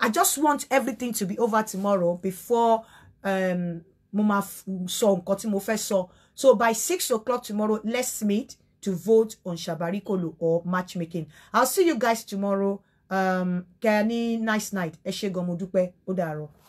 I just want everything to be over tomorrow before um, mo máa sọ nǹkan tí So by 6 o'clock tomorrow, let's meet to vote on Shabari Kolu or matchmaking. I'll see you guys tomorrow. Um, Kani, nice night. Ẹ ṣé gan-an,